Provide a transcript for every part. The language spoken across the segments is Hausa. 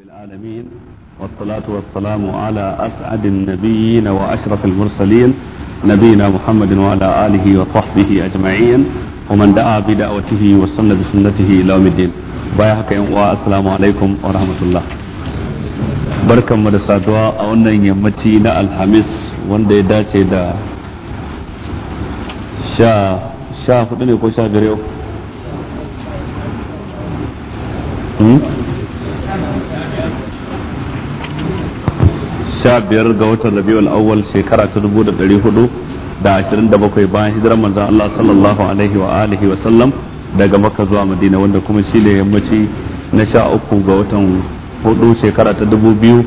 رب العالمين والصلاة والسلام على أسعد النبيين وأشرف المرسلين نبينا محمد وعلى آله وصحبه أجمعين ومن دعا بدعوته وسن بسنته إلى يوم الدين بايحك السلام عليكم ورحمة الله barkan mu da saduwa a wannan yammaci na alhamis wanda ya dace da sha hudu ne ko sha biyar yau sha biyar ga watan rabiul awwal shekara ta dubu da ɗari hudu da ashirin da bakwai bayan hijirar manzan Allah sallallahu alaihi wa alihi wa sallam daga makka zuwa madina wanda kuma shi ne yammaci na sha uku ga watan hudu shekara ta dubu biyu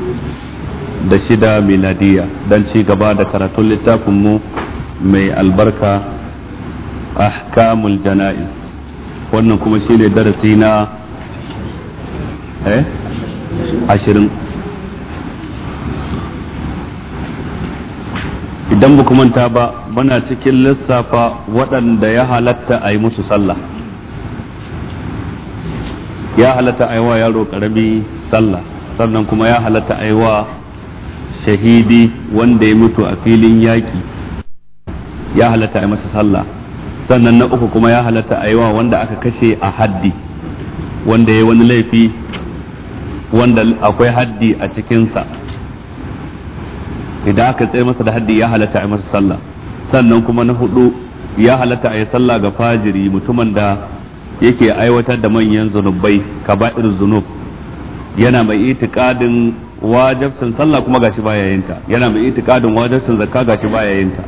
da shida miladiya don ci gaba da karatun littafinmu mai albarka ahkamul jana'iz wannan kuma shi ne darasi na eh, ashirin idan ba manta ba bana cikin lissafa waɗanda ya halatta a yi musu sallah ya halatta a yi wa yaro ƙarami sallah sannan kuma ya halatta a yi wa shahidi wanda ya mutu a filin yaƙi ya halatta a yi masa sallah sannan na uku kuma ya halatta a yi wa wanda aka kashe a haddi wanda ya wani laifi wanda akwai haddi a cikinsa idan aka tsaye masa da haddi ya halatta a masa sallah sannan kuma na hudu ya halatta a yi sallah ga fajiri mutumin da yake aiwatar da manyan zunubai kaba'ir zunub yana mai itikadin wajabcin sallah kuma gashi baya yinta yana mai itikadin wajabcin zakka gashi baya yinta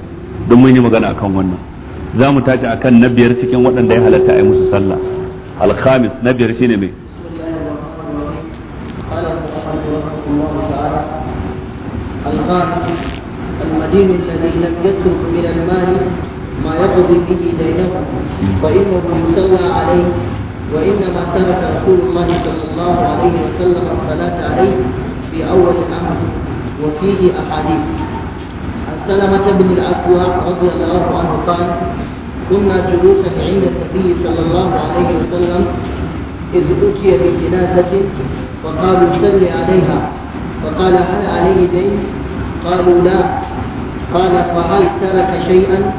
don mun yi magana akan wannan za mu tashi akan na biyar cikin waɗanda ya halatta a yi musu sallah alkhamis na biyar shine mai الخامس المدين الذي لم يترك من المال ما يقضي به دينه فإنه يصلى عليه وإنما ترك رسول الله صلى الله عليه وسلم الصلاة عليه في أول الأمر وفيه أحاديث عن سلمة بن الأكوع رضي الله عنه قال كنا جلوسا عند النبي صلى الله عليه وسلم إذ أتي بجنازة فقالوا صل عليها فقال هل عليه دين قالوا لا قال فهل ترك شيئا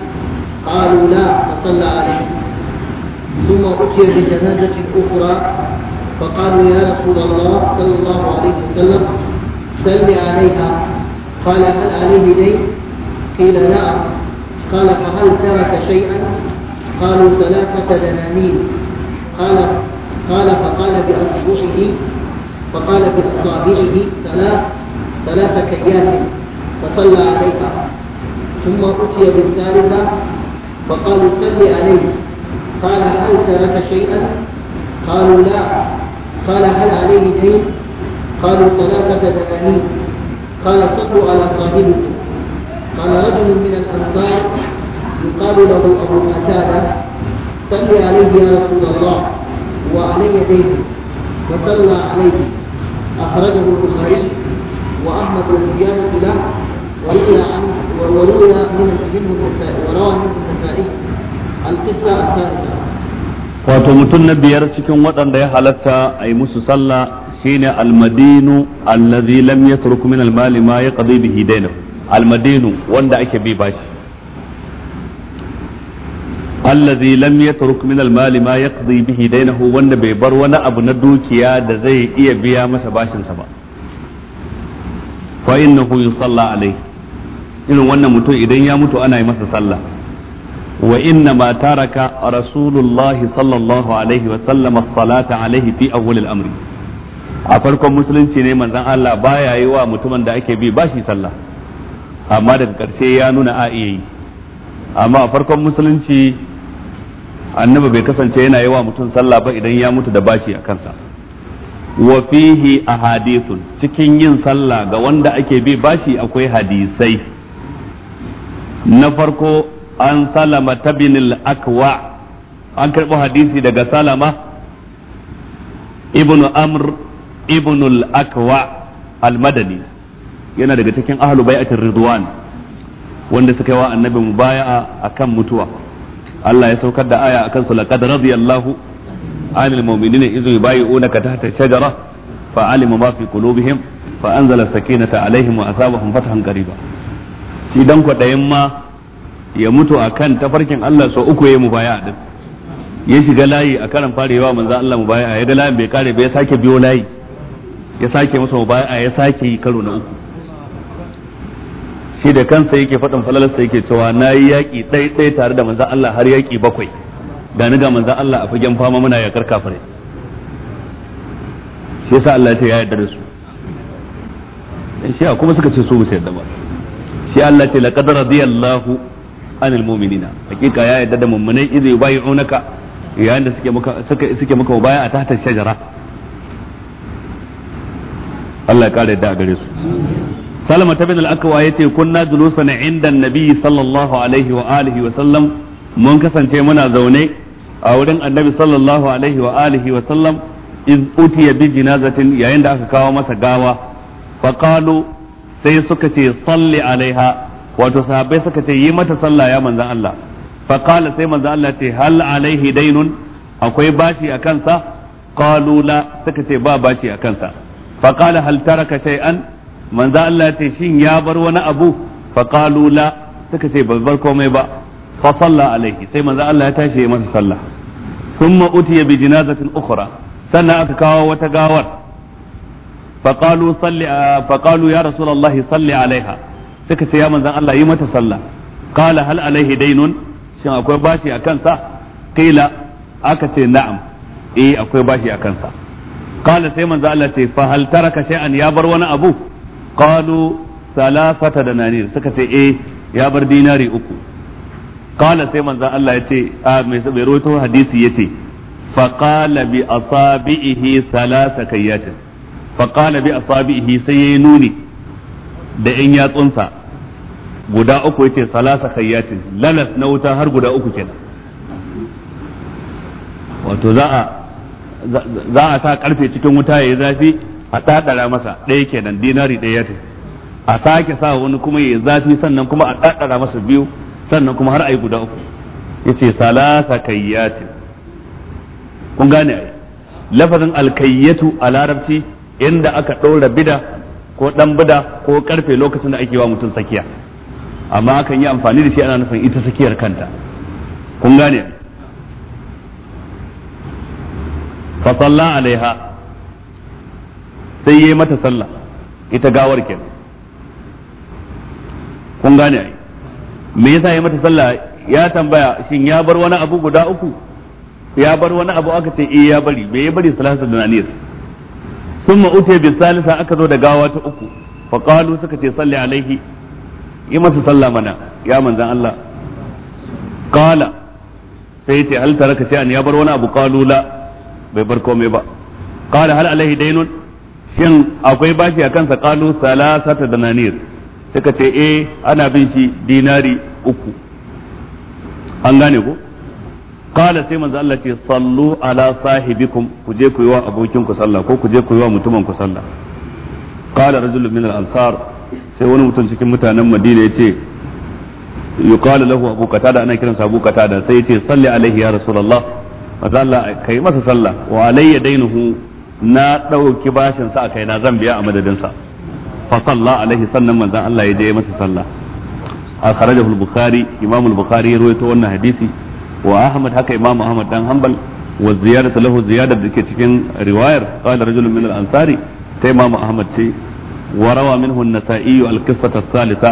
قالوا لا فصلى عليه ثم أتي بجنازة أخرى فقالوا يا رسول الله صلى الله عليه وسلم سل عليها قال هل عليه دين قيل لا قال فهل ترك شيئا قالوا ثلاثة دنانير قال قال فقال بأصبعه فقال بإصابعه ثلاث ثلاث كيات فصلى عليها ثم أتي بالثالثة فقالوا صل عليه قال هل ترك شيئا؟ قالوا لا قال هل عليه دين؟ قالوا ثلاثة دنانير قال صلوا على صاحبكم قال رجل من الأنصار يقال له أبو قتادة صل عليه يا رسول الله وعلي دين فصلى عليه أخرجه البخاري وأحمد والزيادة له وروي عن وروي منه النسائي وروى منه النسائي القصة الثالثة wato mutum na biyar cikin waɗanda ya halatta a yi musu sallah shine almadinu allazi lam yatruk min almali ma yaqdi bihi dainu almadinu wanda ake bi bashi allazi lam yatruk min al-mali ma yaqdi bihi dainahu wanda bai bar wani abu na dukiya da zai iya biya masa bashinsa ba fa innahu yusalla alai irin wannan mutum idan ya mutu ana yi masa sallah wa inna ma taraka rasulullah sallallahu alaihi wa sallam as-salata alaihi fi awwal al-amri a farkon musulunci ne manzon Allah baya yi wa mutumin da ake bi bashi sallah amma daga karshe ya nuna a iya yi amma a farkon musulunci annabi bai kasance yana yawa mutum sallah ba idan ya mutu da bashi a kansa wa fihi ahadithun cikin yin sallah ga wanda ake bi bashi akwai hadisai na farko an salama tabinil akwa an karɓi hadisi daga salama ibnu amr ibnu akwa al-madani yana daga cikin ahlu bai'atir ridwan wanda suka yi wa annabi mubaya'a akan mutuwa Allah ya saukar da aya akan su laqad radiyallahu anil mu'minina idh yubayyi'unaka tahta shajara fa alima ma fi qulubihim fa anzala sakinata alaihim wa asabahum fathan qariba shi dan kwadayin ma ya mutu akan tafarkin Allah so uku yayi mubaya din ya shiga layi a karan farewa manzo Allah baya. ya ga layin bai kare bai sake biyo layi ya sake masa mubaya ya sake yi karo na uku shi da kansa yake faɗin falalarsa yake cewa na yi yaƙi ɗaiɗai tare da manzan Allah har yaƙi bakwai ga ni ga manzan Allah a fagen fama muna yaƙar fare shi yasa Allah ce ya yarda da su shi kuma suka ce su musu yarda ba shi Allah ce laqad radiyallahu anil mu'minina hakika ya yarda da mummunai idza yubayyi'unaka yayin da suke maka suke maka baya a tahta shajara Allah ya kare da gare su salama ta bin al-akwa yace kunna julusan inda annabi sallallahu alaihi wa alihi wa sallam mun kasance muna zaune a wurin annabi sallallahu alaihi wa alihi wa sallam iz utiya bi jinazatin yayin da aka kawo masa gawa fa qalu sai suka ce salli alaiha wato sahabbai suka ce yi mata sallah ya manzon Allah fa sai manzon Allah ce hal alaihi dainun akwai bashi a kansa suka ce ba bashi a kansa fa taraka shay'an manzo Allah ce shin ya bar wani abu fa qalu la suka ce bai bar komai ba fa salla alaihi sai manzo Allah ya tashi ya masa sallah thumma utiya bi janazatin ukhra sannan aka kawo wata gawar fa qalu salli fa qalu ya rasulullahi salli alaiha suka ce ya manzo Allah yi mata sallah qala hal alaihi dainun shin akwai bashi a kansa qila aka ce na'am eh akwai bashi a kansa qala sai manzo Allah ce fa hal taraka shay'an ya bar wani abu qalu salafata dananir suka ce eh ya bar dinari uku qala sai manzon Allah ya ce a mai bai rawaito hadisi yace fa qala bi asabihi salasa kayyatin fa qala bi asabihi sai yayi nuni da yan yatsunsa guda uku yace salasa kayyatin lalas na wuta har guda uku kenan wato za a za a sa karfe cikin wuta yayi zafi a ɗaɗara masa ɗaya kenan dinari ɗaya ya a sake sa wani kuma ya zafi sannan kuma a ɗaɗara masa biyu sannan kuma har a yi guda uku ce salasa kayyatin kun gane ai lafazin alkayyatu a larabci inda aka ɗora bida ko ɗan bida ko ƙarfe lokacin da ake wa mutum sakiya amma akan yi amfani da shi ana nufin ita sakiyar kanta kun gane fa alaiha sai yi mata sallah ita gawar kenan kun gane ai me yasa yi mata sallah ya tambaya shin ya bar wani abu guda uku ya bar wani abu aka ce iya eh, ya bari me ya bari salatu da nanir sun utai bi salisa aka zo da gawa ta uku fa qalu suka ce salli alaihi yi masa sallah mana ya manzan Allah qala sai ya ce hal taraka an ya bar wani abu qalu la bai bar komai ba qala hal alaihi daynun shin akwai bashi a kansa kalu salasata dananir suka ce eh ana bin shi dinari uku an gane ko qala sai manzo Allah ce sallu ala sahibikum ku je ku yi wa abokin ku sallah ko ku je ku yi wa mutumin ku sallah qala rajulun min al-ansar sai wani mutum cikin mutanen Madina ya ce yuqalu lahu abu qatada ana kiran sa abu qatada sai ya ce salli alaihi ya rasulullah manzo Allah kai masa sallah wa alayya dainuhu na ɗauki bashin sa a kai na zan biya a madadin sa fa sallah alaihi sannan manzon Allah ya je masa sallah akhrajahu al-bukhari imam al-bukhari ya rawaito wannan hadisi wa ahmad haka imam ahmad dan hanbal wa ziyadatu lahu ziyadar da ke cikin riwayar qala rajulun min al-ansari ta imam ahmad ce wa rawa minhu an-nasa'i al-qissata ath-thalitha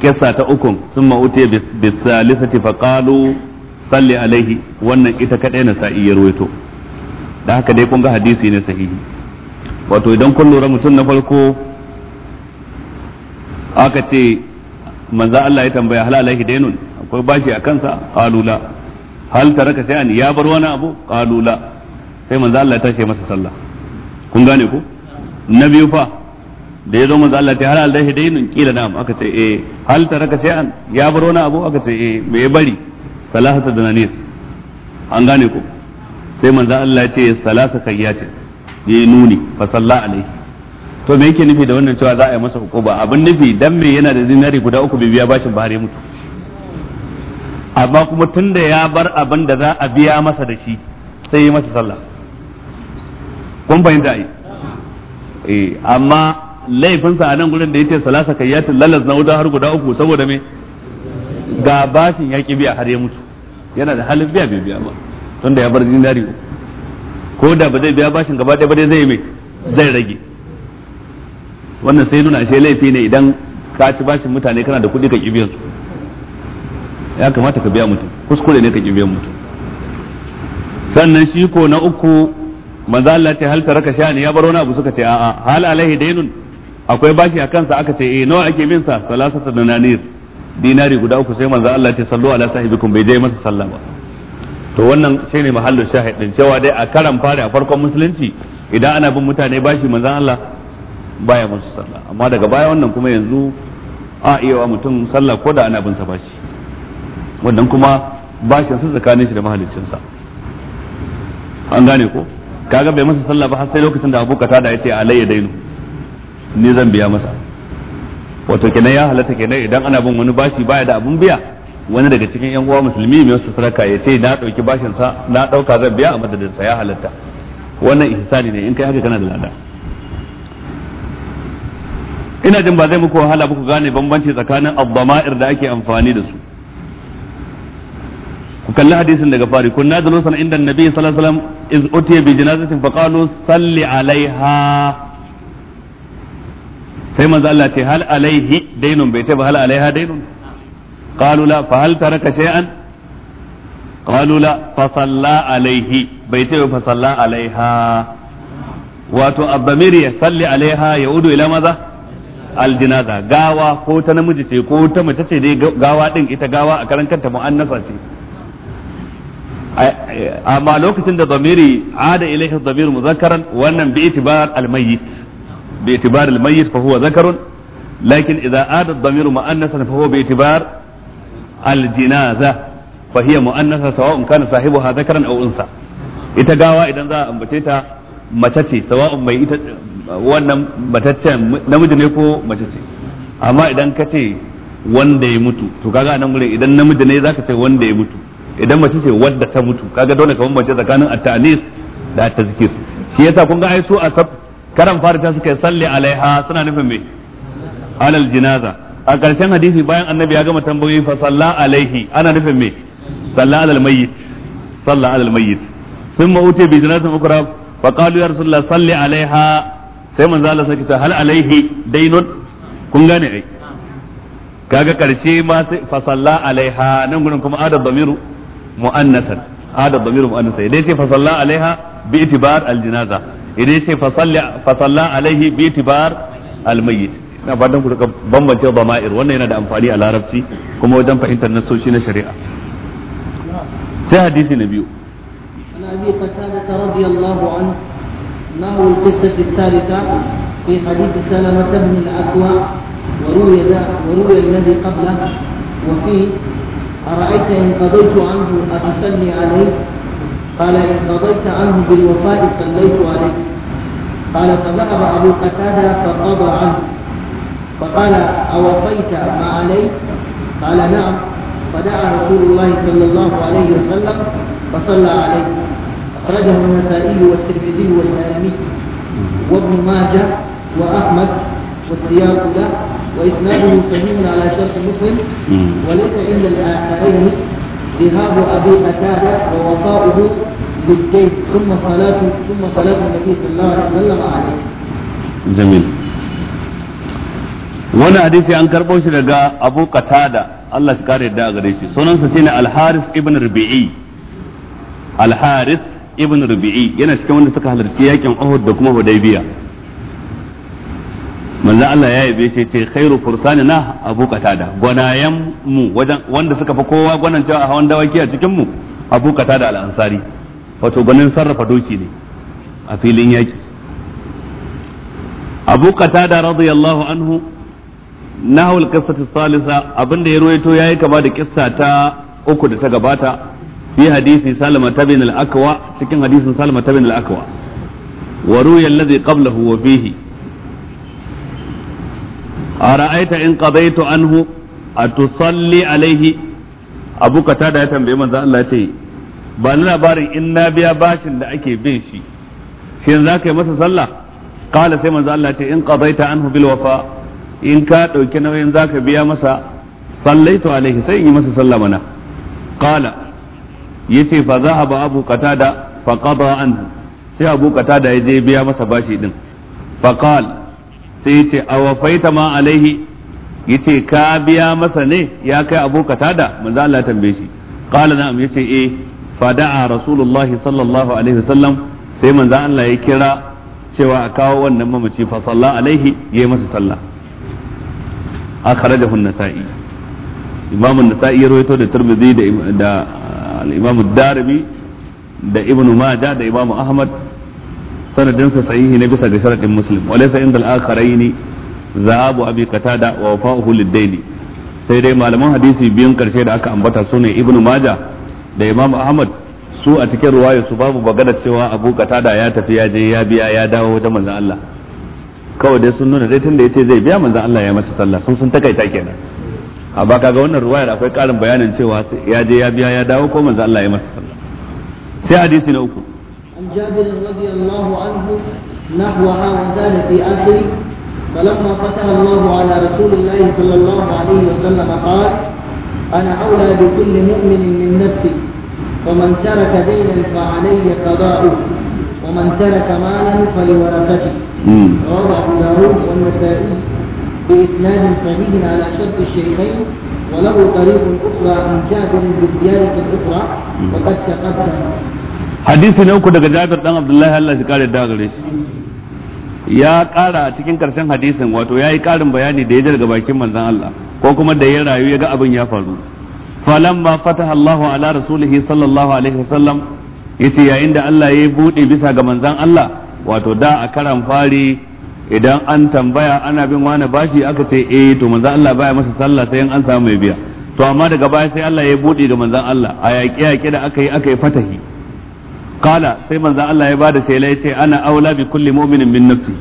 kisa ta ukun sun ma'ute bisalisati faƙalu salli alaihi wannan ita kaɗai na sa'i ya ruwaito da haka dai kun ga hadisi ne sahihi wato idan kun lura mutum na farko aka ce manza Allah ya tambaya hal alaihi dainun akwai bashi a kansa qalula hal taraka shay'an ya bar wani abu qalula sai manza Allah ya tashi masa sallah kun gane ko na biyu fa da ya zo manzo Allah ce hal alaihi dainun kila na'am aka ce eh hal taraka shay'an ya bar wani abu aka ce eh me ya bari salahata dananis an gane ko sai manzan Allah ya ce salasa ce ya yi nuni fa salla alaihi to me yake nufi da wannan cewa za a yi masa hukuba abin nufi dan me yana da zinari guda uku bai biya bashin bare mutu amma kuma tunda ya bar abin da za a biya masa da shi sai yi masa sallah kun fahimta ai eh amma laifinsa a nan gurin da yace salasa kayyatin lalas na wuta har guda uku saboda me ga bashin ya ki biya har ya mutu yana da halin biya bai biya ba tunda ya bar dinari ko da ba zai biya bashin gaba ɗaya ba dai zai mai zai rage wannan sai nuna ashe laifi ne idan ka ci bashin mutane kana da kuɗi ka ƙi biyan su ya kamata ka biya mutum kuskure ne ka ƙi biyan mutum sannan shi ko na uku manzo Allah ce hal taraka shani ya bar wani abu suka ce a'a hal alaihi dainun akwai bashi a kansa aka ce eh nawa ake bin sa salasata dinari guda uku sai manzo Allah ce sallu ala sahibikum bai je masa sallah ba to wannan shine mahallin shahidin cewa dai a karan fari a farkon musulunci idan ana bin mutane bashi manzan Allah baya musu sallah amma daga baya wannan kuma yanzu a iya wa mutum sallah ko da ana bin sa bashi wannan kuma bashin sa tsakanin shi da mahallin sa an gane ko kaga bai masa sallah ba har sai lokacin da Abu Qatada ya ce alayya dainu ni zan biya masa wato kenan ya halatta kenan idan ana bin wani bashi baya da abun biya wani daga cikin yan uwa musulmi mai wasu sadaka ya ce na dauki bashin sa na dauka zan biya a madadin sa ya halatta wannan ihsani ne in kai haka kana da lada ina jin ba zai muku wahala muku gane bambanci tsakanin abdama'ir da ake amfani da su ku kalli hadisin daga fari nazalu julusan inda annabi sallallahu alaihi wasallam iz utiya bi janazatin fa qalu salli alaiha sai manzo Allah ce hal alaihi dainun bai ce ba hal alaiha dainun qalu la fa hal taraka shay'an qalu la fa salla alaihi bai ce fa salla alaiha wato abamiri ya salli alaiha ya udu ila maza aljinaza gawa ko ta namiji ce ko ta mace ce dai gawa din ita gawa a karan kanta mu'annasa ce amma lokacin da zamiri ada ilaihi zamir muzakkaran wannan bi itibar almayyit bi itibar almayyit fa huwa zakarun lakin idza ada zamir mu'annasan fa huwa bi itibar aljinaza fa hiya mu'annasa sawa'un kana sahibuha dhakaran aw unsa ita gawa idan za a ambace ta mace ce sawa'un mai ita wannan matacce namiji ne ko mace ce amma idan ka ce wanda ya mutu to kaga anan gure idan namiji ne zaka ce wanda ya mutu idan mace ce wadda ta mutu kaga dole ka bambance tsakanin at-ta'nis da at-tazkir shi yasa kun ga ai su asab karan farita suka yi salli alaiha suna nufin me alal jinaza a ƙarshen hadisi bayan annabi ya gama tambayoyi fa salla alaihi ana nufin me salla alal mayyit salla alal mayyit sun ma'ute bi zinatun ukura fa qalu ya rasulullah salli alaiha sai manzo Allah sai kita hal alaihi dainun kun gane ai kaga ƙarshe ma sai fa salla alaiha nan gurin kuma adad damiru muannasan adad damiru muannasan dai sai fa salla alaiha bi itibar al jinaza idan sai fa salla fa salla alaihi bi itibar al mayyit ina fatan ku rika bambance dama'ir wannan yana da amfani a larabci kuma wajen fahimtar nasoshi na shari'a sai hadisi na biyu an abi qatada radiyallahu anhu nahu al-qissah ath-thalitha fi hadith salama ibn al-aqwa وروي وروي الذي قبله وفيه أرأيت إن قضيت عنه أتصلي عليه قال إن قضيت عنه بالوفاء صليت عليه قال فذهب أبو قتادة فقضى عنه فقال أوفيت ما عليك قال نعم فدعا رسول الله صلى الله عليه وسلم فصلى عليه أخرجه النسائي والترمذي والدارمي وابن ماجه وأحمد والسياق له وإسناده صحيح على شرط مسلم وليس عند الآخرين ذهاب أبي قتادة ووفاؤه للجيش ثم صلاة ثم صلاة النبي صلى الله عليه وسلم عليه. جميل. wani hadisi an karɓo shi daga abu katada Allah shi kare yadda a gare shi sunansa shine ne alharis ibn rubi'i alharis ibn rubi'i yana cikin wanda suka halarci yakin Uhud da kuma Hudaybiya manzo Allah ya yabe shi ce khairu fursani na abu katada gwanayen mu wanda suka fi kowa gwanan cewa a hawan dawaki a cikin mu abu katada al wato gwanin sarrafa doki ne a filin yaki abu katada radiyallahu anhu nahawul qissati salisa abinda ya ruwaito yayi kama da kissa ta uku da ta gabata fi hadisi salama tabin al-akwa cikin hadisin salama tabin al-akwa wa ruya alladhi qablahu wa fihi ara'aita in qadaytu anhu atusalli alayhi abu katada ya tambayi manzo Allah ce ba ni labarin in na biya bashin da ake bin shi shin zaka yi masa sallah qala sai manzo in qadayta anhu in ka ɗauki nauyin za ka biya masa sallaitu alaihi sai in yi masa sallah mana ya ce fa za a zahaba abu qatada fa qada anhu sai abu qatada ya je biya masa bashi din fa qala sai a wafaita ma alaihi ya ce ka biya masa ne ya kai abu qatada manzo Allah tambaye shi qala na'am yace eh fa da'a rasulullahi sallallahu alaihi wasallam sai manzo Allah ya kira cewa a kawo wannan mamaci fa sallallahu alaihi yayi masa sallah akhrajahu an-nasa'i imam an-nasa'i ya rawaito da tirmidhi da da al-imam ad-darimi da ibn majah da imam ahmad sanadinsa sahihi ne bisa ga sharadin muslim walaysa inda al-akharaini zahabu abi qatada wa wafa'uhu lid-daini sai dai malaman hadisi biyun karshe da aka ambata ne ibnu majah da imam ahmad su a cikin ruwaya su babu bagada cewa abu qatada ya tafi ya je ya biya ya dawo wajen manzon Allah kawai dai sun nuna dai tunda ce zai biya manzon Allah ya masa sallah sun sun takaita kenan a baka ga wannan ruwayar akwai karin bayanin cewa ya je ya biya ya dawo ko manzon Allah ya masa sallah sai hadisi na uku an jabir radiyallahu anhu nahwaha wa zalika fi akhiri فلما فتح الله على رسول الله صلى الله عليه وسلم قال أنا أولى بكل مؤمن من نفسي ومن ترك دينا فعلي قضاؤه ومن ترك مالا فلورثته رواه ابو داود والنسائي باسناد صحيح على شرط الشيخين وله طريق اخرى عن جابر بزياده اخرى وقد تقدم حديث نوك دغ جابر بن عبد الله الله shi kare ya kara a cikin karshen hadisin wato ya yi karin bayani da ya ji daga bakin manzon Allah ko kuma da ya rayu ya ga abin ya faru falamma fataha Allahu ala rasulihi sallallahu alaihi wasallam yace yayin da Allah ya buɗe bisa ga manzon Allah wato da a karan fari idan an tambaya ana bin wani bashi aka ce eh to manzon Allah baya masa sallah sai an samu mai biya to amma daga baya sai Allah ya buɗe ga manzon Allah a yaƙe yaƙe da aka yi aka yi fatahi kala sai manzon Allah ya bada shela ya ce ana aula bi kulli mu'minin min nafsi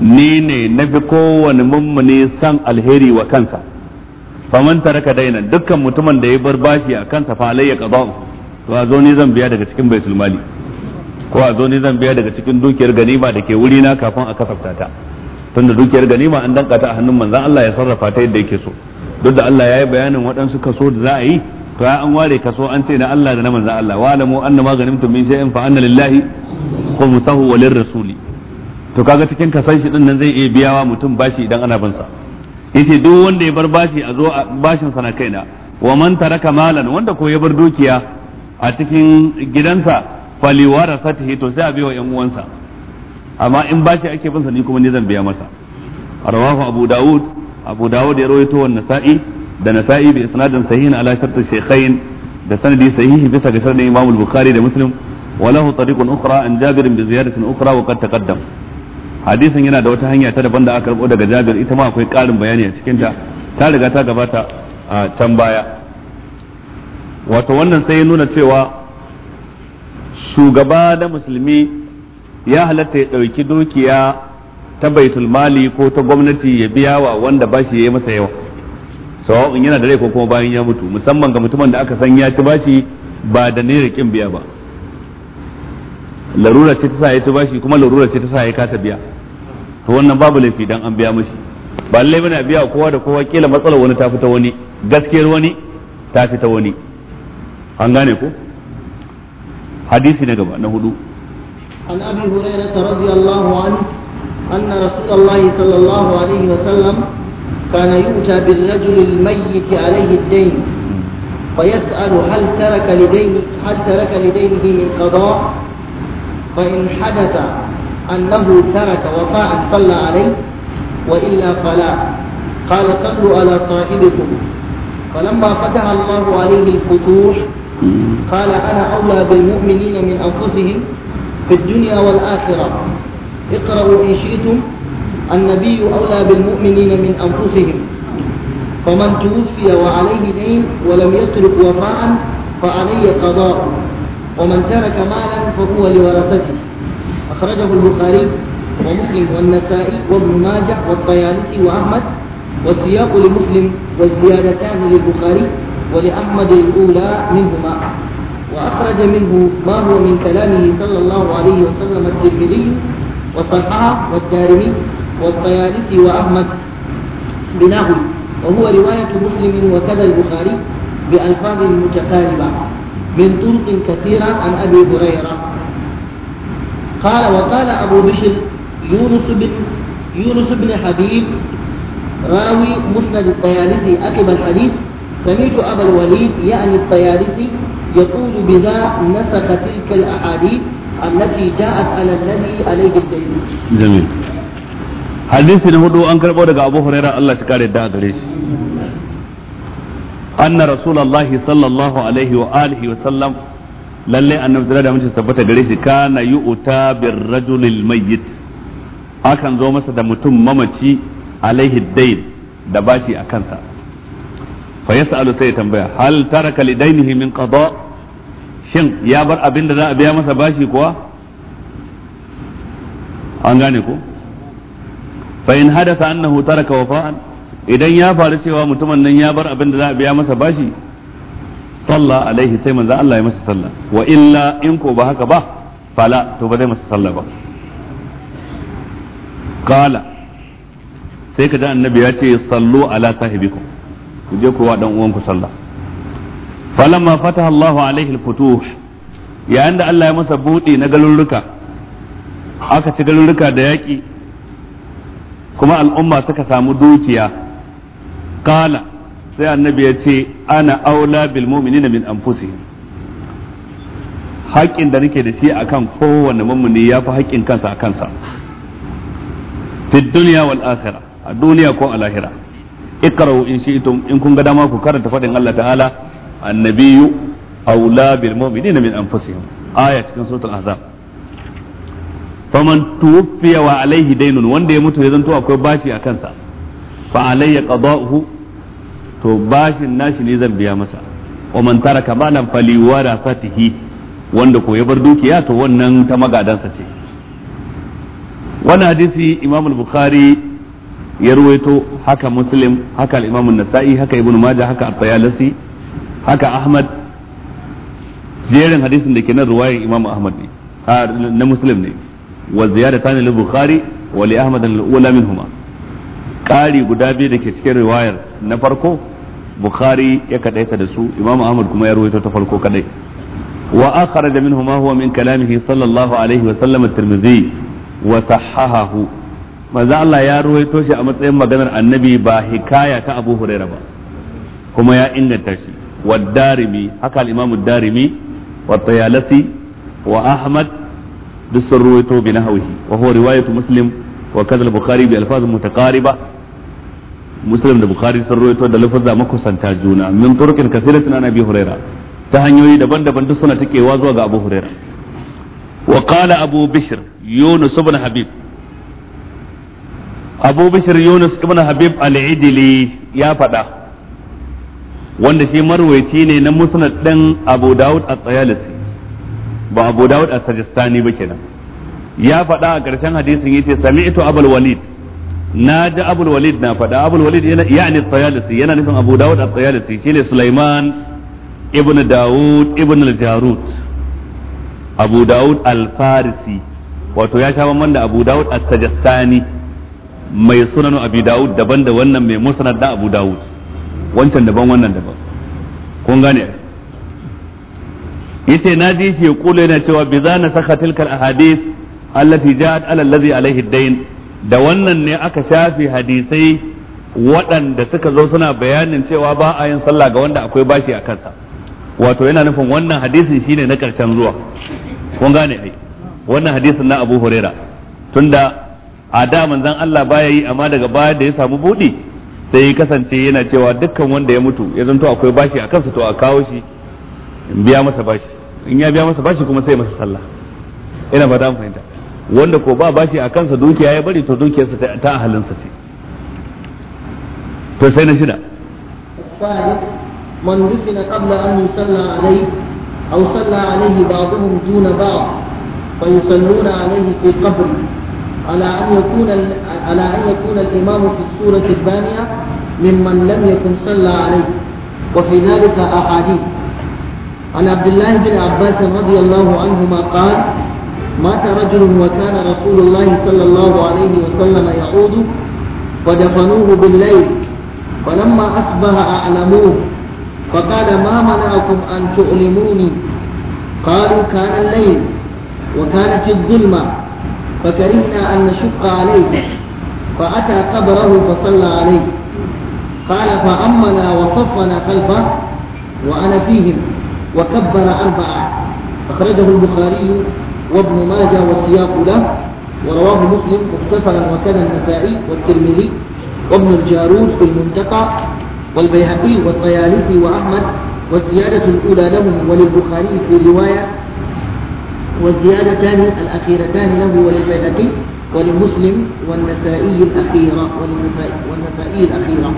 ni ne na fi kowane mummuni san alheri wa kansa faman taraka dainan dukkan mutumin da ya bar bashi a kansa fa alayya qada'u to a zo ni zan biya daga cikin baitul mali ko a zo ni zan biya daga cikin dukiyar ganima da ke wuri na kafin a kasafta ta tunda dukiyar ganima an danka ta a hannun manzon Allah ya sarrafa ta yadda yake so duk da Allah ya yi bayanin waɗansu kaso da za a yi to ya an ware kaso an ce na Allah da na manzon Allah wa alamu anna ma ganimtum min shay'in fa anna lillahi khumsahu wa lirrasuli to kaga cikin kasan shi din nan zai iya biyawa mutum bashi idan ana sa yace duk wanda ya bar bashi a zo bashin sana kaina wa man taraka malan wanda ko ya bar dukiya a cikin gidansa faliwara fatihi to sai a biya wa yan uwansa amma in bashi ake binsa ni kuma ni zan biya masa rawahu abu daud abu daud ya rawaito wannan nasa'i da nasa'i bi isnadin sahihin ala shartu shaykhain da sanadi sahihi bisa ga sanadin imam al-bukhari da muslim وله طريق bai عن جابر بزيادة wa وقد تقدم hadisin yana da wata hanya ta daban da aka karbo daga Jabir ita ma akwai ƙarin bayani a cikin ta ta riga ta gabata a can baya wato wannan sai ya nuna cewa shugaba da musulmi ya halatta ya ɗauki dukiya ta baitul mali ko ta gwamnati ya biya wa wanda bashi ya yi masa yawa sawa'un yana da rai ko kuma bayan ya mutu musamman ga mutumin da aka san ya ci bashi ba da ne kin biya ba larura ce ta sa ya ci bashi kuma larura ce ta sa ya kasa biya to wannan babu laifi dan an biya mashi ba lallai bane a biya kowa da kowa kila matsalar wani ta fita wani gaskiyar wani ta fita wani an gane ko hadisi na gaba na hudu an abi hurairah radiyallahu anhu anna rasulullahi sallallahu alaihi wa sallam كان يؤتى بالرجل الميت عليه الدين فيسأل هل ترك لدينه هل ترك لدينه من قضاء فإن حدث أنه ترك وفاء صلى عليه وإلا فلا قال صلوا على صاحبكم فلما فتح الله عليه الفتوح قال أنا أولى بالمؤمنين من أنفسهم في الدنيا والآخرة اقرأوا إن شئتم النبي أولى بالمؤمنين من أنفسهم فمن توفي وعليه دين ولم يترك وفاء فعليه قضاء ومن ترك مالا فهو لورثته أخرجه البخاري ومسلم والنسائي وابن ماجه والطيالسي وأحمد والسياق لمسلم والزيادتان للبخاري ولأحمد الأولى منهما وأخرج منه ما هو من كلامه صلى الله عليه وسلم الترمذي وصنعاء والدارمي والطيالسي وأحمد بنحو وهو رواية مسلم وكذا البخاري بألفاظ متقاربة من طرق كثيرة عن أبي هريرة قال وقال أبو بشر يونس بن يونس بن حبيب راوي مسند الطيالسي أكب الحديث سمعت أبا الوليد يعني الطيارسي يقول بذا نسخ تلك الأحاديث التي جاءت على الذي عليه الدين جميل hadisi na hudu an karɓo daga abu huraira Allah shi kare da gare shi anna rasulullahi sallallahu alaihi wa alihi wa sallam lalle annabi zira da mutum tabbata gare shi kana yu'ta bir rajulil mayyit akan zo masa da mutum mamaci alaihi dayn da bashi a kansa fa yasalu sai tambaya hal taraka lidainihi min qada shin ya bar abin da za a biya masa bashi kuwa an gane ko fa in hadasa annahu taraka wafa'an idan ya faru cewa mutumin nan ya bar abin da za a biya masa bashi salla alaihi sai manzo Allah ya masa sallah wa illa in ko ba haka ba fala to ba zai masa sallah ba qala sai ka kaji annabi ya ce sallu ala sahibikum ku je ku ɗan dan uwan ku sallah falamma fataha alaihi al Ya yayin da Allah ya masa buɗe na galurruka aka ci galurruka da yaƙi kuma al'umma suka samu dukiya kala sai annabi ya ce ana aula bil mu'minina min anfusihim haƙƙin da nake da shi akan kowane mummuni ya fi haƙƙin kansa a kansa fi duniya wal akhirah a duniya ko a lahira ikra'u in shi'tum in kun ga dama ku karanta fadin Allah ta'ala annabiyyu aula bil mu'minina min anfusihim aya cikin suratul ahzab faman tuwfiya wa alaihi dainun wanda ya mutu ya zanto akwai bashi a kansa fa alayya qada'uhu to bashin nashi ne zan biya masa wa man taraka malan fali warasatihi wanda ko ya bar dukiya to wannan ta magadansa ce wannan hadisi imam al-bukhari ya ruwaito haka muslim haka al-imam nasai haka ibn majah haka at-tayalisi haka ahmad jerin hadisin da ke nan ruwayar imam ahmad ne na muslim ne wa ziyadatan li bukhari wa li ahmad al-ula minhuma ƙari guda biyu da ke cikin riwayar na farko bukhari ya kadaita da su imam ahmad kuma ya ruwaito ta farko kadai wa akhraja minhuma huwa min kalamihi sallallahu alaihi wa sallam at-tirmidhi wa sahahahu manzo Allah ya ruwaito shi a matsayin maganar annabi ba hikaya ta Abu Huraira ba kuma ya inganta shi wa darimi haka al-Imam darimi wa Tayalasi wa Ahmad duk sun ruwaito bi nahwihi wa huwa riwayatu Muslim wa kadha al-Bukhari bi alfaz mutaqariba Muslim da Bukhari sun ruwaito da lafazza makusanta juna min turqin kathiratin an Abi Huraira ta hanyoyi daban-daban duk suna tikewa zuwa ga Abu Huraira wa qala Abu Bishr Yunus ibn Habib abu bishir yunus ibn habib al-idili ya faɗa wanda shi marwaci ne na musnad ɗin abu dawud a tsayalisi ba abu dawud a sajistani ba kenan ya faɗa a ƙarshen hadisin yace sami'tu abul walid na ji abul walid na faɗa abul walid ya ne tsayalisi yana nufin abu dawud a tsayalisi ne sulaiman ibn dawud ibn al-jarut abu dawud al-farisi wato ya sha bamban da abu dawud a sajistani mai sunanu abi da'ud daban da wannan mai musnad da abu da'ud wancan daban wannan daban kun gane yace na ji shi ya kula yana cewa bi za na saka tilkal ahadith allati ja'at ala allazi alaihi dayn da wannan ne aka shafi hadisai waɗanda suka zo suna bayanin cewa ba a yin sallah ga wanda akwai bashi a kansa wato yana nufin wannan hadisin shine na ƙarshen zuwa kun gane ai wannan hadisin na Abu Huraira tunda a da manzon Allah baya yi amma daga baya da ya samu buɗi sai ya kasance yana cewa dukkan wanda ya mutu ya zanto akwai bashi a kansa to a kawo shi in biya masa bashi in ya biya masa bashi kuma sai masa sallah ina ba dan fahimta wanda ko ba bashi a kansa dukiya ya bari to dukiyarsa ta ahalinsa ce to sai na shida dukina qabla an yusalla يصلى aw أو صلى عليه duna ba'd fa yusalluna alayhi fi qabri على أن يكون على أن يكون الإمام في السورة الثانية ممن لم يكن صلى عليه وفي ذلك أحاديث عن عبد الله بن عباس رضي الله عنهما قال مات رجل وكان رسول الله صلى الله عليه وسلم يعود فدفنوه بالليل فلما أصبح أعلموه فقال ما منعكم أن تؤلموني قالوا كان الليل وكانت الظلمة فكرهنا أن نشق عليه فأتى قبره فصلى عليه قال فأمنا وصفنا خلفه وأنا فيهم وكبر أربعة أخرجه البخاري وابن ماجه والسياق له ورواه مسلم مختصرا وكذا النسائي والترمذي وابن الجارود في المنتقى والبيهقي والطيالسي وأحمد والزيادة الأولى لهم وللبخاري في رواية والزيادتان الأخيرتان له وللبيهقي ولمسلم والنسائي الأخيرة والنسائي الأخيرة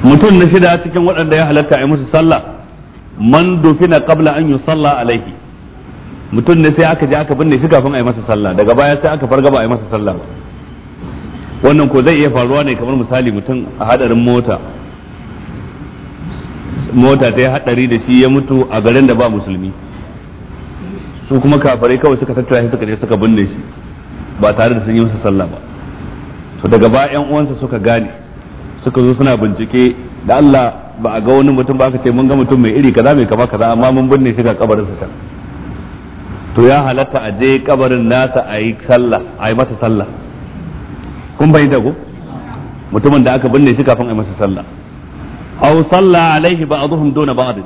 mutum na shida cikin waɗanda ya halatta a musu sallah man dufina qabla an yusalla alaihi mutum ne sai aka je aka binne shi kafin a yi masa sallah daga baya sai aka farga ba a yi masa sallah wannan ko zai iya faruwa ne kamar misali mutum a hadarin mota mota ta yi hadari da shi ya mutu a garin da ba musulmi su kuma kafirai kawai suka tattara shi suka je suka binne shi ba tare da sun yi masa sallah ba to daga baya yan uwansa suka gane suka zo suna bincike da Allah ba a ga wani mutum ba aka ce mun ga mutum mai iri kaza mai kama kaza amma mun binne shi ga kabarin sa can to ya halatta a je kabarin nasa a yi sallah a yi masa sallah kun bai dago mutumin da aka binne shi kafin a yi masa sallah aw salla alaihi ba'dhum duna ba'd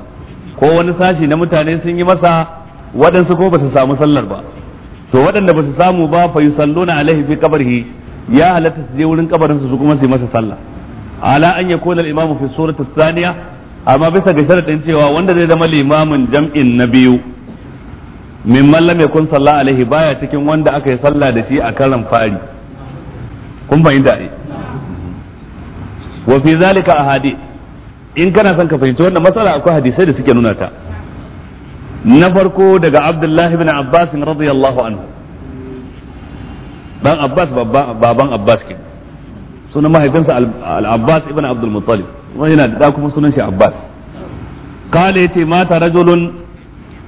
ko wani sashi na mutane sun yi masa waɗansu ko ba su samu sallar ba to waɗanda ba su samu ba fa yusalluna alaihi fi qabrihi ya halatta su je wurin kabarin su kuma su yi masa sallah ala an yakuna al-imam fi surati thaniya amma bisa ga sharadin cewa wanda zai zama limamin jam'in na biyu min man lam yakun salla alaihi baya cikin wanda aka yi sallah da shi a karan fari kun fahimta ai wa fi zalika ahadi in kana son ka fahimci wannan matsala akwai hadisai da suke nuna ta na farko daga abdullahi bin abbas radiyallahu anhu ban abbas baban abbas ke sunan mahaifinsa al-abbas ibn abdul muttalib wani yana da kuma sunan shi abbas قال يتي مات رجل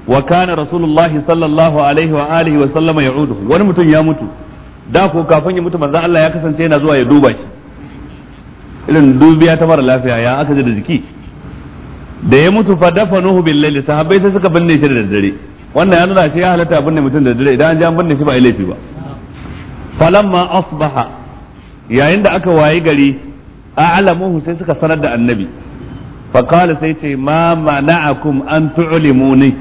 وكان رسول الله صلى الله عليه وآله وسلم يعوده wani mutum ya mutu da ko kafin ya mutu manzon Allah ya kasance yana zuwa ya duba shi irin dubiya ta mara lafiya ya aka ji da jiki da ya mutu fa nuhu bil layli sahabbai sai suka binne shi da daddare wannan ya nuna shi ya halatta binne mutum da daddare idan an ja an binne shi ba laifi ba falamma asbaha yayin da aka wayi gari a'lamuhu sai suka sanar da annabi fa qala sai ce ma mana'akum an tu'limuni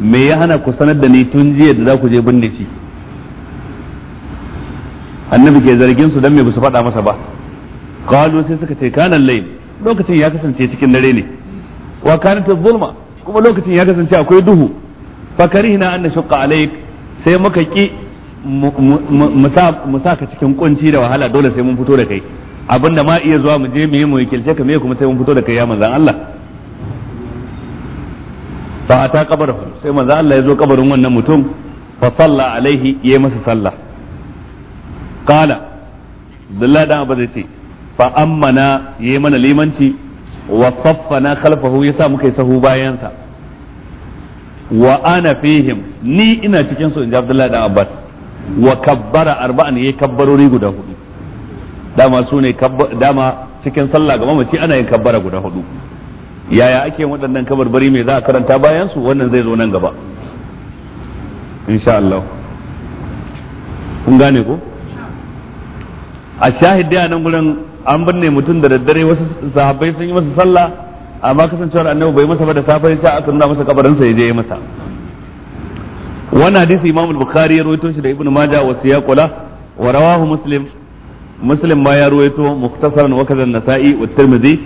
me ya hana ku sanar da ni tun jiya da za ku je binne shi annabi ke zargin su dan me ba su faɗa masa ba qalu sai suka ce kana layl lokacin ya kasance cikin dare ne wa kanat zulma kuma lokacin ya kasance akwai duhu fa karihna an nashqa alayk sai muka ki mu sa ka cikin kunci da wahala dole sai mun fito da kai abinda ma iya zuwa mu je mu yi mu kilce ka me kuma sai mun fito da kai ya manzan Allah fa ata kabarin sai manzan Allah ya zo kabarin wannan mutum fa salla alaihi yayi masa sallah qala Abdullahi d'a Abba zai ce fa ammana yayi mana limanci wa na khalfahu yasa muka yi sahu bayansa wa ana fihim ni ina cikin su inji Abdullahi dan Abbas wa kabbara arba'an yayi kabbarori guda hudu dama su ne dama cikin sallah ga mamaci ana yin kabbara guda hudu yaya ake waɗannan kabarbari mai za a karanta bayan su wannan zai zo nan gaba insha Allah kun gane ko a shahid dai nan gurin an binne mutum da daddare wasu sahabbai sun yi masa sallah amma kasancewar annabi bai masa ba da safe sai aka nuna masa kabarin sa je masa wannan hadisi Imam al-Bukhari ya rawaito shi da Ibn Maja wa siyaqula wa rawahu Muslim Muslim ma ya ruwaito mukhtasaran wa kadha nasai wa Tirmidhi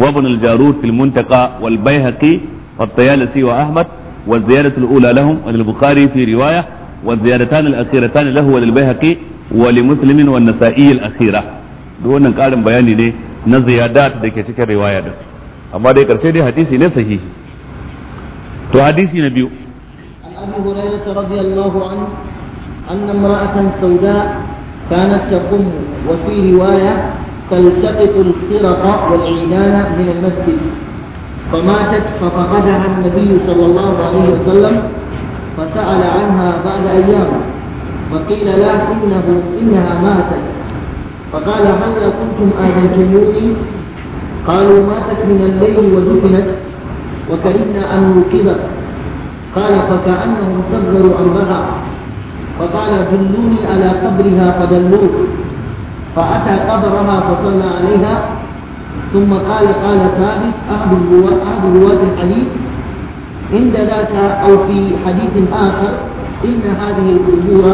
wa Ibn al-Jarud fil Muntaqa wal Baihaqi wa tayalisi wa Ahmad wa ziyadatu al-ula lahum wa al-Bukhari fi riwaya wa ziyadatan al-akhiratan lahu wa al-Baihaqi wa li Muslim wa an-Nasa'i al-akhirah da wannan karin bayani ne na ziyadat da ke cikin riwaya din amma dai karshe dai hadisi ne sahihi to hadisi na biyu an abu hurairah radiyallahu an anna imra'atan sauda kanat taqum wa fi كانت تقوم al رواية تلتقط الخرق والعيدان من المسجد فماتت ففقدها النبي صلى الله عليه وسلم فسأل عنها بعد أيام فقيل لا إنه إنها ماتت فقال ماذا كنتم آذيتموني قالوا ماتت من الليل ودفنت وكرهنا أن نوقظك قال فكأنهم صبروا أمرها فقال دلوني على قبرها فدلوه فأتى قبرها فصلى عليها ثم قال قال ثابت أحد رواة الحديث عند ذاك أو في حديث آخر إن هذه القبور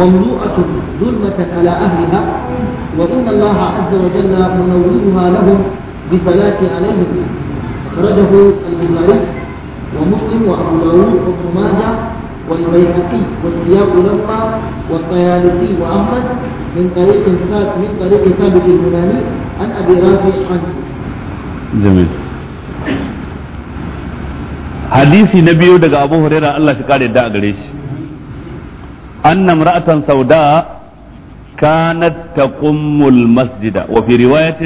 مملوءة ظلمة على أهلها وإن الله عز وجل منورها لهم بالصلاة عليه أخرجه البخاري ومسلم وأبو داود وابن ماجه والبيهقي والسياق لما والطيالسي وأحمد من طريق من طريق ثابت الهلالي عن أبي رافع عنه. جميل. hadisi na biyu daga abu huraira Allah shi kare da a gare shi annam ra'atan sauda كانت تقم المسجد وفي رواية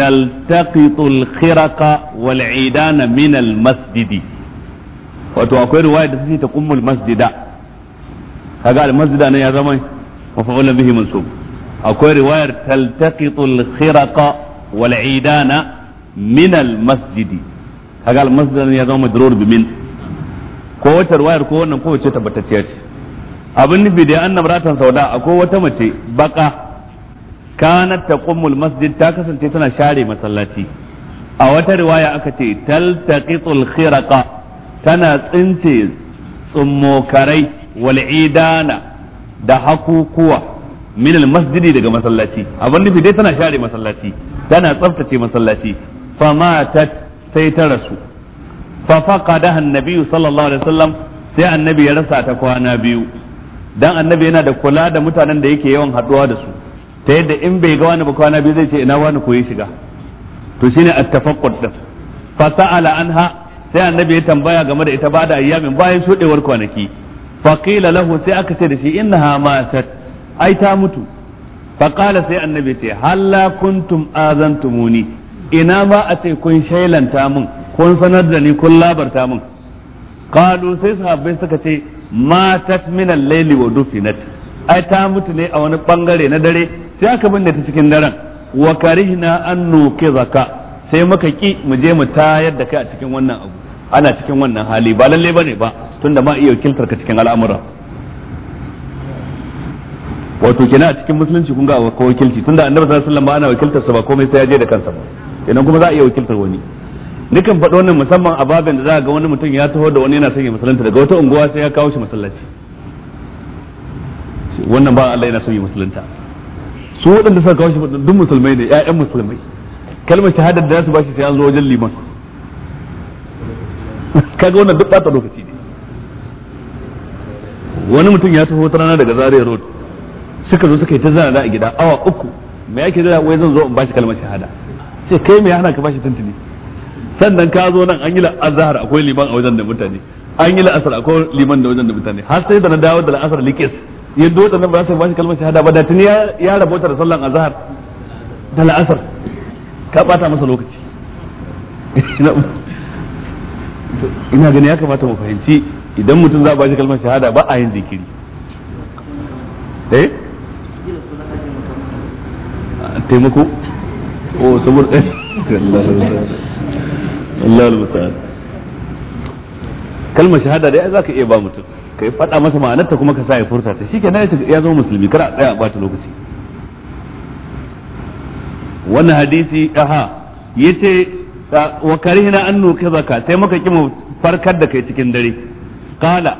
تلتقط الخرق والعيدان من المسجد wato akwai riwaya da ta kummul masjida kaga masjida ne ya zama mafa'ulan bihi mansub akwai riwayar taltaqitul khiraqa wal idana min al masjidi masjida ne ya zama min ko abin nufi da annab ratan sauda akwai wata mace baka kanat taqummul masjid ta kasance tana share masallaci a wata riwaya aka ce taltaqitul khiraqa tana tsince tsummokarai wal idana da hakukuwa min masjidi daga masallaci abin nufi dai tana share masallaci tana tsaftace masallaci famatat sai ta rasu fa faqadaha annabi sallallahu alaihi wasallam sai annabi ya rasa ta kwana biyu dan annabi yana da kula da mutanen da yake yawan haduwa da su ta yadda in bai ga wani ba kwana biyu zai ce ina wani koyi shiga to shine at-tafaqqud din fa sa'ala anha sai annabi ya tambaya game da ita bada ayyamin bayan shudewar kwanaki fa qila lahu sai aka ce da shi innaha matat ai ta mutu fa qala sai annabi ce halla kuntum azantumuni ina ma a ce kun shailanta min kun sanar da ni kun labarta min? qalu sai sahabbai suka ce matat min al-layli wa dufinat ai ta mutu ne a wani bangare na dare sai aka binne ta cikin daren wa karihna an nukizaka sai muka ki mu je mu tayar da kai a cikin wannan abu ana cikin wannan hali ba lalle bane ba tunda ma iya kiltar ka cikin al'amura wato kina a cikin musulunci kun ga wakilci tunda annabi sallallahu alaihi wasallam ana wakiltar sa ba komai sai ya je da kansa ba kenan kuma za a iya wakiltar wani dukan faɗo wannan musamman a babin da za ga wani mutum ya taho da wani yana son ya musulunta daga wata unguwa sai ya kawo shi masallaci wannan ba Allah yana son ya musulunta su waɗanda suka kawo shi duk musulmai ne ƴaƴan musulmai kalmar shahadar da su bashi sai an zo wajen liman kaga wannan duk ɓata lokaci ne wani mutum ya taho ta rana daga Zaria road suka zo suka yi ta zana a gida awa uku me yake da wai zan zo in bashi kalmar shahada sai kai me yana ka bashi tuntuni sannan ka zo nan an yi la'azahar akwai liman a wajen da mutane an yi la'asar akwai liman da wajen da mutane har sai da na dawo da la'asar likis yadda wata nan ba su bashi kalmar shahada ba da tuni ya rabota da sallan zahar da la'asar ka bata masa lokaci ina gani ya kamata mu fahimci idan mutum za a bashi kalmar shahada ba a yin zikiri eh? taimako o oh, saboda Allah musta'an kalmar shahada dai zaka iya ba mutum kai faɗa masa ma'anarta kuma ka sa ya furta ta shikenan ya zama musulmi kar a tsaya ba ta lokaci wannan hadisi aha yace wa karihna an zaka sai muka ki mu farkar da kai cikin dare qala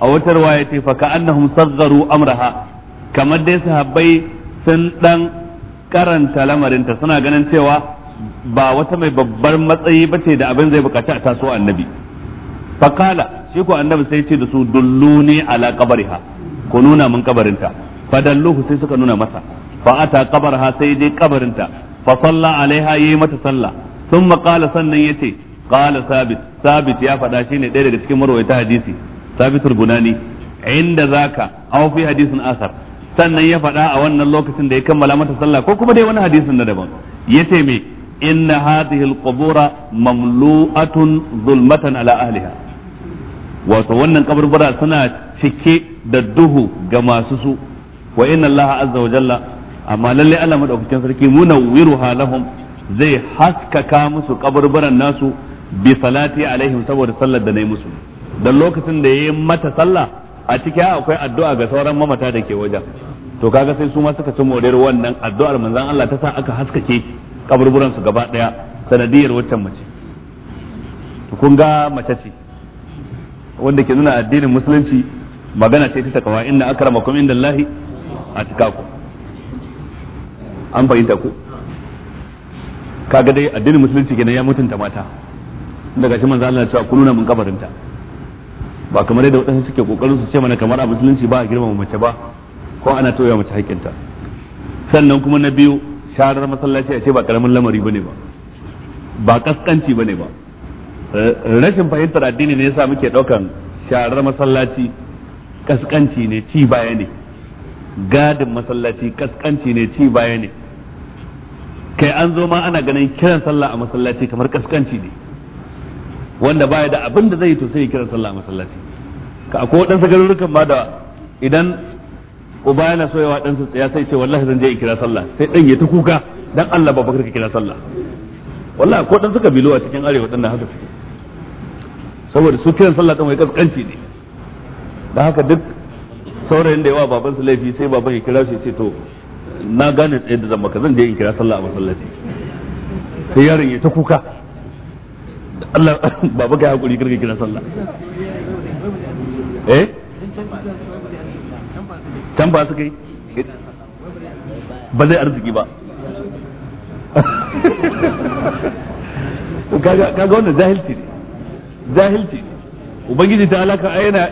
a wata riwaya ce fa annahum saggaru amraha kamar dai sahabbai sun dan karanta lamarinta suna ganin cewa ba wata mai babbar matsayi ba ce da abin zai bukaci a taso annabi fakala shi ko annabi sai ce da su dullu ne ala qabariha ko nuna min kabarinta fadalluhu sai suka nuna masa fa ata qabarha sai je kabarinta fa salla alaiha yi mata salla sun makala sannan ya ce kala sabit sabit ya faɗa shi ne ɗaya daga cikin marwaita hadisi sabitul bunani inda zaka aw fi hadisin Asar. sannan ya faɗa a wannan lokacin da ya kammala mata sallah ko kuma dai wani hadisin na daban yace me inna hadhihi alqubura mamlu'atun zulmatan ala ahliha wannan kaburbura suna cike da duhu ga masu su wa inna Allah azza wa jalla amma lalle Allah madaukakin sarki munawwiruha lahum zai haskaka musu kaburburan nasu bi salati alaihim saboda sallar da nayi musu dan lokacin da yayi mata sallah a cikin akwai addu'a ga sauran mamata da ke wajen to kaga sai su ma suka ci moriyar wannan addu'ar manzon Allah ta sa aka haskake kaburburan su gaba daya sanadiyar waccan mace kun ga mace ce wanda ke nuna addinin musulunci magana ce ta takawa inna akramakum indallahi atqaku an fahimta ku kaga dai addinin musulunci kenan ya mutunta mata daga shi manzo Allah ya cewa nuna mun kabarinta ba kamar yadda wadansu suke kokarin su ce mana kamar a musulunci ba a girmama mace ba ko ana toya mace haƙƙinta sannan kuma na biyu sharar masallaci a ce ba karamin lamari bane ba ba kaskanci bane ba rashin fahimtar addini ne yasa muke daukan sharar masallaci kaskanci ne ci baya ne gadin masallaci kaskanci ne ci baya ne kai an zo ma ana ganin kiran sallah a masallaci kamar kaskanci ne wanda baya da abin da zai to sai kiran sallah a masallaci ka akwai waɗansu garurukan ma da idan uba yana so yawa ɗansa tsaya sai ce wallahi zan je in kira sallah sai ɗan ya ta kuka dan Allah ba bakar ka kira sallah wallahi ko dan suka bilo cikin arewa ɗan haka suke saboda su kiran sallah ɗan wai kaskanci ne dan haka duk saurayin da yawa babansa laifi sai baban ya kira shi ce to na gane tsaye da zamba ka zan je in kira sallah a masallaci sai yaron ya ta kuka Allah baba ka hakuri karka kira sallah eh can ba su kai ba zai arziki ba kaga wannan jahilci ne jahilci ne ubangiji ta alaka yana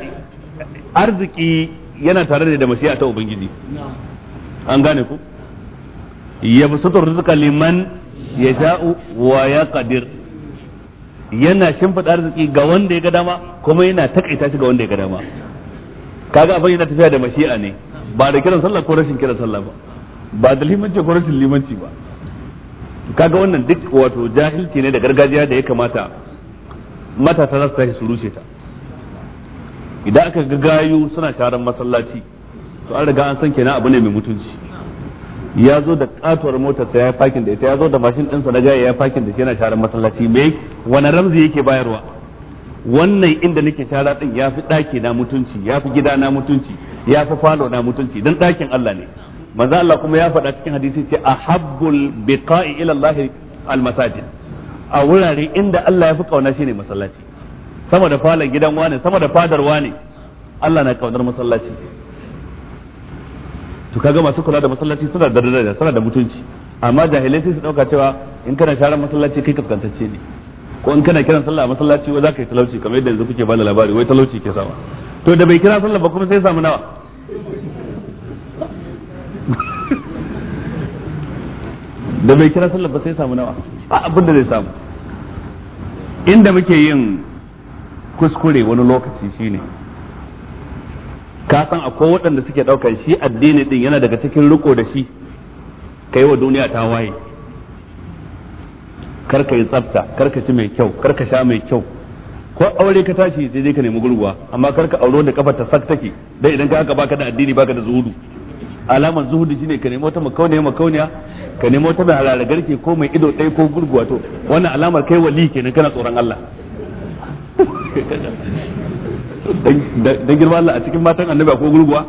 arziki yana tare da masiya ta ubangiji an gane ku ya basutu rizqa liman sha'u wa kadir. yana shimfida arziki ga wanda ya ga dama kuma yana takaita shi ga wanda ya ga dama kaga abin yana tafiya da mashi'a ne ba da kiran sallah ko rashin kiran sallah ba ba da limanci ko rashin limanci ba kaga wannan duk wato jahilci ne da gargajiya da ya kamata matasa za su tashi su rushe ta idan aka ga gayu suna sharan masallaci to an riga an san kenan abu ne mai mutunci ya zo da katuwar motar sa ya fakin da ita ya zo da mashin ɗinsa na gaya ya fakin da shi yana sharan masallaci me wani ramzi yake bayarwa wannan inda nake shara din yafi daki na mutunci yafi gida na mutunci yafi falo na mutunci dan dakin Allah ne manzo Allah kuma ya faɗa cikin hadisi ce ahabbul biqa'i ila Allah almasajid a wurare inda Allah ya fi kauna shine masallaci sama da falon gidan wani sama da fadar wani Allah na kaunar masallaci to kaga masu kula da masallaci suna da daraja suna da mutunci amma jahilai sai su dauka cewa in kana sharan masallaci kai kaskantacce ne ko in kana kiran sallah a masallaci wai zaka yi talauci kamar yadda yanzu kuke bada labari wai talauci ke sawa to da bai kira sallah ba kuma sai samu nawa da bai kira sallah ba sai samu nawa a abin da zai samu inda muke yin kuskure wani lokaci shine ka san akwai waɗanda suke ɗaukar shi addini din yana daga cikin riko da shi kai wa duniya ta waye karka yi tsafta karka ci mai kyau karka sha mai kyau ko aure ka tashi sai dai ka nemi gurguwa amma karka aure da kafar ta sak take dai idan ka haka baka da addini baka da zuhudu alamar zuhudu shine ka nemi wata makauniya makauniya ka nemi wata mai halala garke ko mai ido ɗaya ko gurguwa to wannan alamar kai wali kenan kana tsoron Allah dan girma Allah a cikin matan annabi ko gurguwa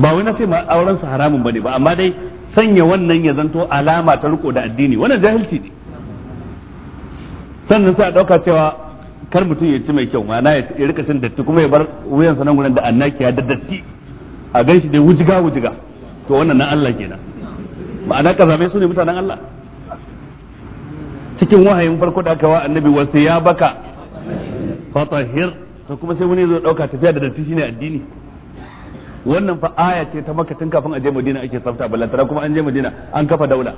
ba wani na sai ma auren su haramun bane ba amma dai sanya wannan ya zanto alama ta riko da addini wannan jahilci ne sannan sai a dauka cewa kar mutum ya ci mai kyau ma'ana ya rika cin datti kuma ya bar wuyansa nan gurin da annaki ya da datti a gan shi dai wujiga wujiga to wannan nan Allah kenan ma'ana zame su ne mutanen Allah cikin wahayin farko da aka wa annabi wasu ya baka fatahir to kuma sai wani zo dauka tafiya da datti shine addini wannan fa aya ce ta makka tun kafin a je madina ake tsafta ballantana kuma an je madina an kafa daula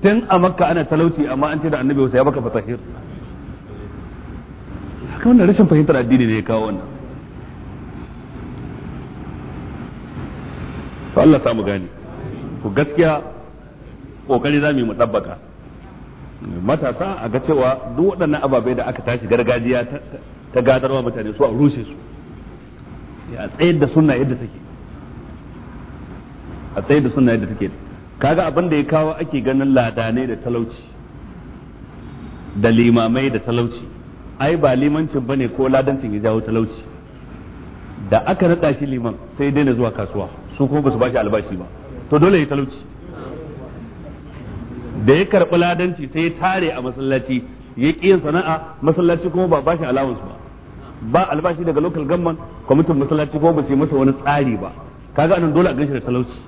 tun a makka ana talauci amma an ce da annabi ya baka fatahir haka wannan rashin fahimtar addini ne ya kawo wannan Fa Allah sa mu gane ku gaskiya kokari za mu yi mu tabbaka matasa a ga cewa duk waɗannan ababai da aka tashi gargajiya ta gadarwa mutane su a rushe su ya tsayar da sunna yadda take a tsaye da sunna yadda take kaga abin da ya kawo ake ganin ladanai da talauci da limamai da talauci ai ba limancin bane ko ladancin ya jawo talauci da aka nada shi liman sai daina zuwa kasuwa su kuma basu bashi albashi ba to dole ya talauci da ya karɓi ladanci sai ya tare a masallaci ya ƙi yin sana'a masallaci kuma ba bashi allowance ba ba albashi daga local government kwamitin masallaci kuma ba su yi masa wani tsari ba kaga anan dole a gan shi da talauci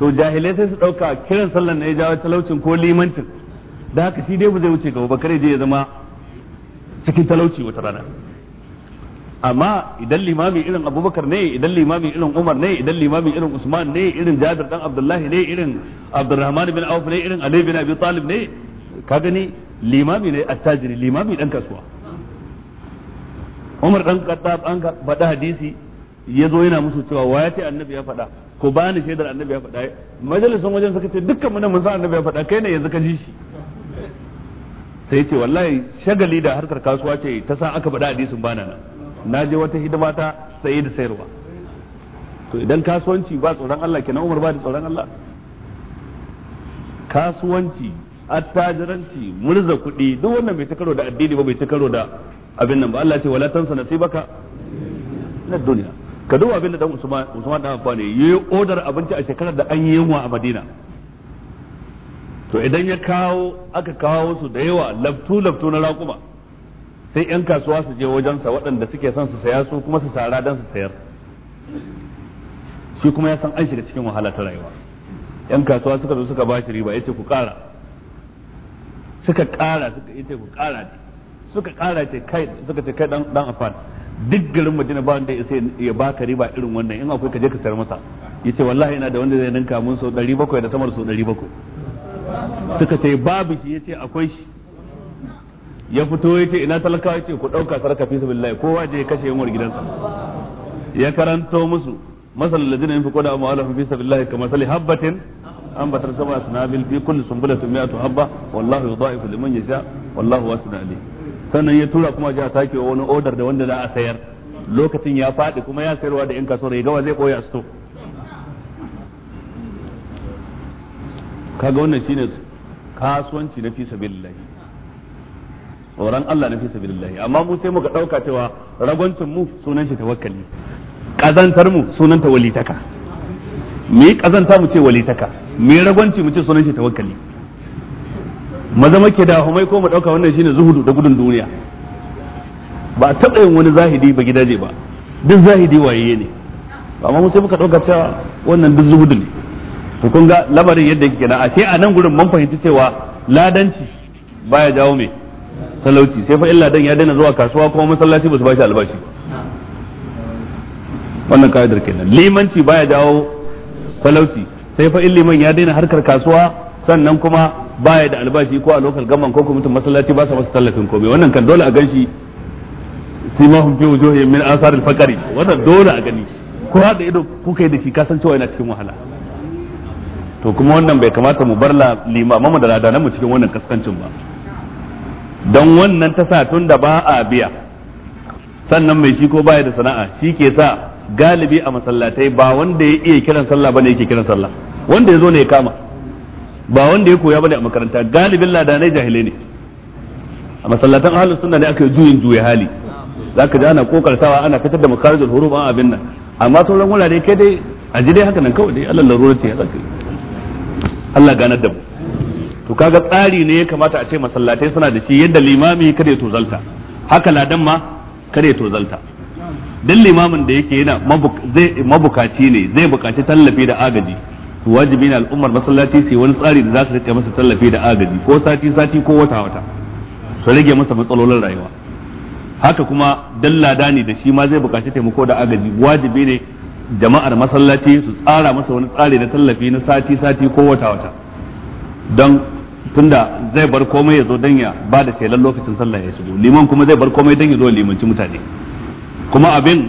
to jahilai sai su dauka kiran sallan na ya jawo talaucin ko limancin da haka shi dai ba zai wuce ga ba je ya zama cikin talauci wata rana amma idan limami irin abubakar ne idan limami irin umar ne idan limami irin usman ne irin jabir dan abdullahi ne irin abdurrahman bin auf ne irin ali bin abi talib ne ka gani limami ne attajiri limami dan kasuwa umar dan kattab an faɗa hadisi ya zo yana musu cewa waya ce annabi ya faɗa ku bani shaidar annabi ya faɗa majalisun wajen suka ce dukkan mun mun san annabi ya faɗa kai ne yanzu ka ji shi sai ce wallahi shagali da harkar kasuwa ce ta san aka faɗa hadisin bana na na je wata hidima ta saye da sayarwa to idan kasuwanci ba tsoron Allah kenan Umar ba da tsoron Allah kasuwanci attajiranci murza kuɗi duk wannan bai ci karo da addini ba bai ci karo da abin nan ba Allah ce wala tansa nasibaka na duniya ka duba abin da dan Usman dan Affan yi odar abinci a shekarar da an yi yunwa a Madina to idan ya kawo aka kawo su da yawa laftu laftu na raƙuma sai yan kasuwa su je wajensa waɗanda suke son su saya su kuma su sara dan su sayar shi kuma ya san an shiga cikin wahala ta rayuwa yan kasuwa suka zo suka bashi riba yace ku ƙara suka ƙara suka yace ku ƙara suka ƙara ce kai suka ce kai dan dan afan duk garin madina ba wanda sai ya baka riba irin wannan in akwai kaje je ka sayar masa yace wallahi ina da wanda zai ninka mun sau 700 da samar sau 700 suka ce babu shi ce akwai shi ya fito ya ce ina talakawa yace ku ɗauka sarka fi sabilillah kowa je ya kashe yanwar gidansa ya karanto musu masal ladina yunfiquna amwalahum fi sabilillah kama sali habatin ambatar sab'a sanabil fi kulli sumbulatin mi'atu habba wallahu yudha'ifu liman yasha wallahu wasi'un alim sannan ya tura kuma a sake wani odar da wanda za a sayar lokacin ya faɗi kuma ya sayarwa da 'yan kasuwar ya gawa zai koya su kaga wannan shine kasuwanci na fisa billahi tsoron Allah na fisa billahi amma mu sai muka ɗauka cewa ragwancin mu sunan shi tawakkali ƙazantar mu sunanta walitaka mu yi ƙazanta mu ce walitaka mu yi ragwanci mu ce sunan shi tawakkali maza ke da humai ko mu dauka wannan shine zuhudu da gudun duniya ba a taɓa yin wani zahidi ba gidaje ba duk zahidi waye ne amma mu sai muka dauka cewa wannan duk zuhudu ne to kun ga labarin yadda yake kenan a sai a nan gurin mun fahimci cewa ladanci baya jawo me talauci sai fa illa dan ya daina zuwa kasuwa kuma masallaci ba su bashi albashi wannan ka'idar kenan limanci baya jawo talauci sai fa in liman ya daina harkar kasuwa sannan kuma baya da albashi ko a lokal gaman ko kuma masallaci ba su masa tallafin komai wannan kan dole a ganshi simahum fi wujuhihim min asar al wannan dole a gani ko da ido kuka da shi ka san cewa yana cikin wahala to kuma wannan bai kamata mu bar limamanmu da ladanan mu cikin wannan kaskancin ba don wannan ta sa tun da ba a biya sannan mai shi ko baya da sana'a shi ke sa galibi a masallatai ba wanda ya iya kiran sallah ne yake kiran sallah wanda ya zo ne ya kama ba wanda ya koya bane a makaranta galibin ladanai jahilai ne a masallatan ahlus sunna ne aka yi juyin juya hali zaka ji ana kokartawa ana fitar da makarijul huruf an abin nan amma sauran wurare kai dai a ji dai haka nan kawai dai Allah larura ce zaka Allah ganar da mu to kaga tsari ne ya kamata a ce masallatai suna da shi yadda limami kada ya tozalta haka ladan ma kada ya tozalta dan limamin da yake yana mabukaci ne zai bukaci tallafi da agaji wajibi ne al'ummar masallaci su wani tsari da za su rika masa tallafi da agaji ko sati sati ko wata wata su rage masa matsalolin rayuwa haka kuma dallada ne da shi ma zai bukaci taimako da agaji wajibi ne jama'ar masallaci su tsara masa wani tsari na tallafi na sati sati ko wata wata don tunda zai bar komai ya zo don ya ba da shelar lokacin sallah ya shigo liman kuma zai bar komai don ya zo limanci mutane kuma abin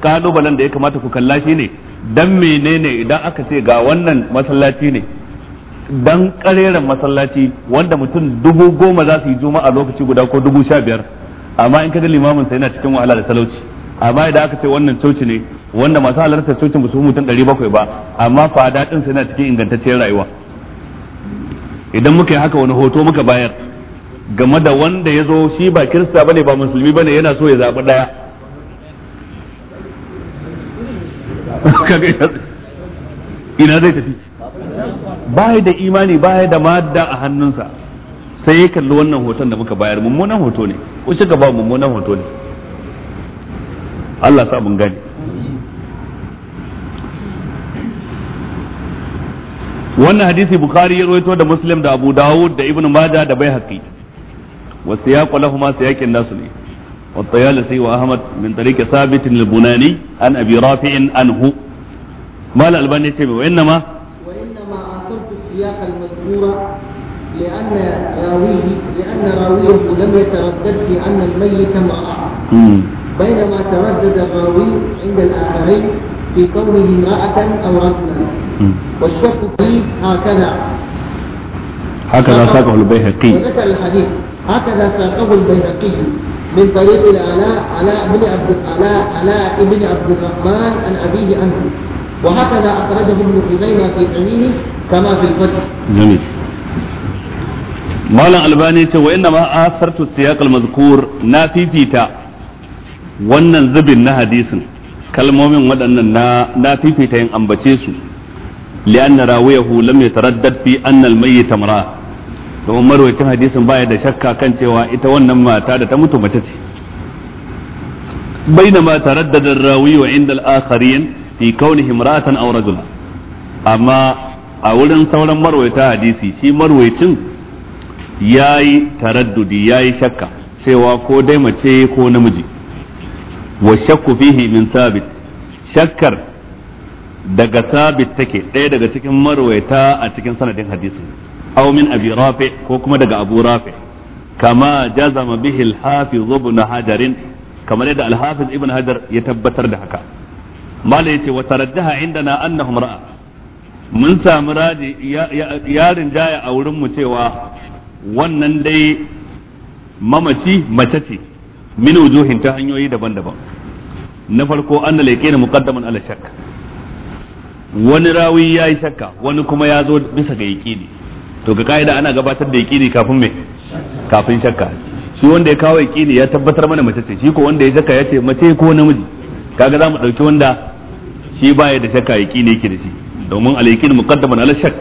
kalubalen da ya kamata ku kalla shi ne dan menene idan aka ce ga wannan masallaci ne dan kareren masallaci wanda mutum dubu goma za su yi juma'a lokaci guda ko dubu sha biyar amma in kaga limamin sa yana cikin wahala da talauci amma idan aka ce wannan coci ne wanda masu halartar cocin ba su mutum ɗari bakwai ba amma fada ɗin sa yana cikin ingantacciyar rayuwa idan muka yi haka wani hoto muka bayar game da wanda ya zo shi ba kirista bane ba musulmi bane yana so ya zaɓi ɗaya ina zai tafi baya da imani baya da madda a hannunsa sai ya kalli wannan hoton da muka bayar mummunan hoto ne ko shi gaba mummunan hoto ne Allah sa mun gani wannan hadisi bukhari ya rawaito da muslim da abu dawud da Ibn majah da bai wasu ya siyaqu masu yakin nasu ne والطيالسي وأحمد من طريق ثابت البناني عن أبي رافع عنه ما الألباني وإنما وإنما أعطرت السياق المذكور لأن راويه لأن راويه لم يتردد في أن الميت امرأة بينما تردد الراوي عند الآخرين في كونه امرأة أو رجلا والشك فيه هكذا هكذا ساقه البيهقي وذكر الحديث هكذا ساقه البيهقي من طريق العلاء علاء بن عبد العلاء علاء بن عبد الرحمن عن ابيه عنه وهكذا اخرجه ابن خزيمه في سنينه كما في الفتح. جميل. مالا الباني وانما اثرت السياق المذكور نافيتا wannan zubin na hadisin kalmomin waɗannan na na fifita yin ambace su li'anna rawayahu lam yataraddad fi anna al-mayyit domin marwacin hadisin baya da shakka kan cewa ita wannan mata da ta mutu mace ce بينما تردد الراوي وعند fi في كونه aw rajula amma a wurin sauran مرويتا hadisi shi marwacin yayi taraddudi yayi shakka cewa ko dai mace ko namiji wa shakku fihi min sabit shakkar daga sabit take ɗaya daga cikin marwaita a cikin sanadin hadisin aw min abi rafi ko kuma daga abu rafi kama jazama bihi al-hafiz ibn hajar kamar yadda al-hafiz ibn hajar ya tabbatar da haka mala yace wa inda indana annahum ra'a mun samu raji yarin jaya a wurin mu cewa wannan dai mamaci mace ce min wujuhin ta hanyoyi daban-daban na farko anna laikina muqaddaman ala shakk wani rawi yayi shakka wani kuma ya zo bisa ga yaqini to ga ka'ida ana gabatar da yaqini kafin mai kafin shakka shi wanda ya kawo yaqini ya tabbatar mana mace ce shi ko wanda ya shakka ya ce mace ko namiji kaga za mu dauki wanda shi baya da shakka yaqini yake da shi domin al-yaqin muqaddaman ala shakk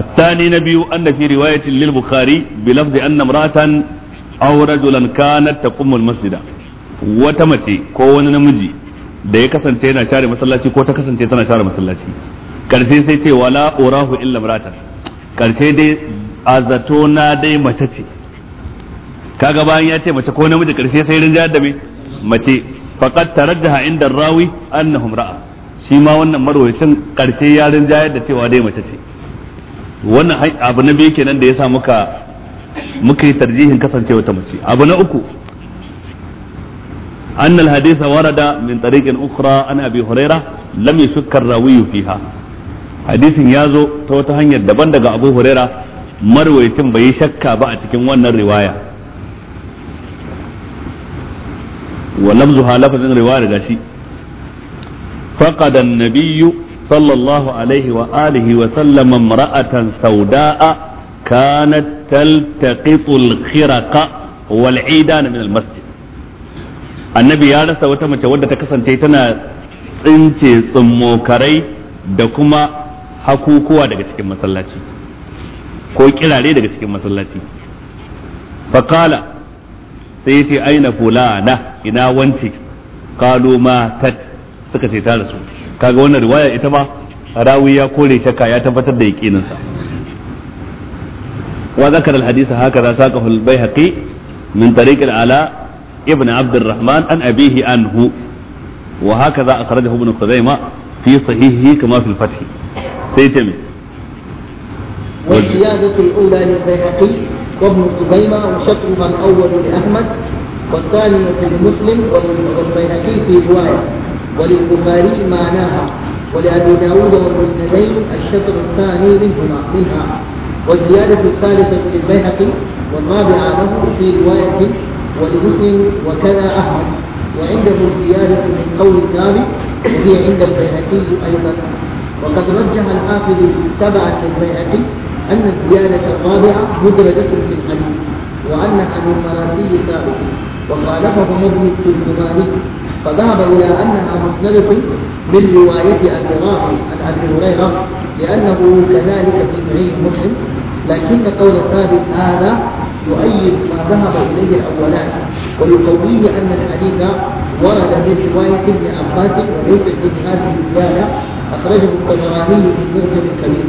الثاني نبي أن في رواية namratan aure dolan امرأة أو رجلا masjida wata mace ko wani namiji da ya kasance yana share masallaci ko ta kasance tana share masallaci karshe sai ce wala orahu illa imratan karshe dai a zato na dai mace ce kaga bayan ya ce mace ko namiji karshe sai rinjayar da me mace faqad tarajjaha inda rawi annahum ra'a shi ma wannan marwayacin karshe ya rinjayar da cewa dai mace ce wannan abu na biyu kenan da yasa muka muka yi tarjihin kasancewa ta mace abu na uku أن الحديث Warada, Min طريق أخرى Ana abi هريرة لم يشك الراوي Fiha. hadisin ya zo ta wata hanyar daban daga abu huraira marwayacin bai yi shakka ba a cikin wannan riwaya wa lafzuha lafazin riwaya da shi faqada nabiyyu sallallahu alaihi wa alihi wa sallama imra'atan sauda'a kanat taltaqitu al-khiraqa wal 'idana min al-masjid annabi ya rasa wata mace wadda ta kasance tana tsince tsummokarai da kuma hakukuwa daga cikin masallaci ko kirare daga cikin masallaci faƙala sai ya ce aina fulana ina wance kalu ma tat suka ce ta rasu kaga wannan riwaya ita ma rawi ya kore shakka ya tabbatar da yaqininsa wa zakara al-hadith hakaza saqahu al min tariq ala ibn abd rahman an abihi anhu wa hakaza akhrajahu ibn khuzaimah fi sahihihi kama fi al-fath سيتم والزيادة الأولى للبيهقي وابن خزيمة وشطر من أول لأحمد والثانية لمسلم والبيهقي في رواية وللبخاري معناها ولأبي داود والمسندين الشطر الثاني منهما منها والزيادة الثالثة للبيهقي والرابعة له في رواية ولمسلم وكذا أحمد وعنده زيادة من قول الثاني وهي عند البيهقي أيضا وقد رجح الحافظ تبعا للبيهقي أن الزيادة الرابعة مدرجة في الحديث وأنها من مراتب ثابت وخالفه ابن الترجماني فذهب إلى أنها مسندة من رواية أبي رافع عن أبي هريرة لأنه كذلك في سعيد مسلم لكن قول ثابت هذا يؤيد ما ذهب إليه الأولان ويقويه أن الحديث ورد من رواية ابن عباس وليس من هذه الزيادة أخرجه الطبراني في المعجم الكبير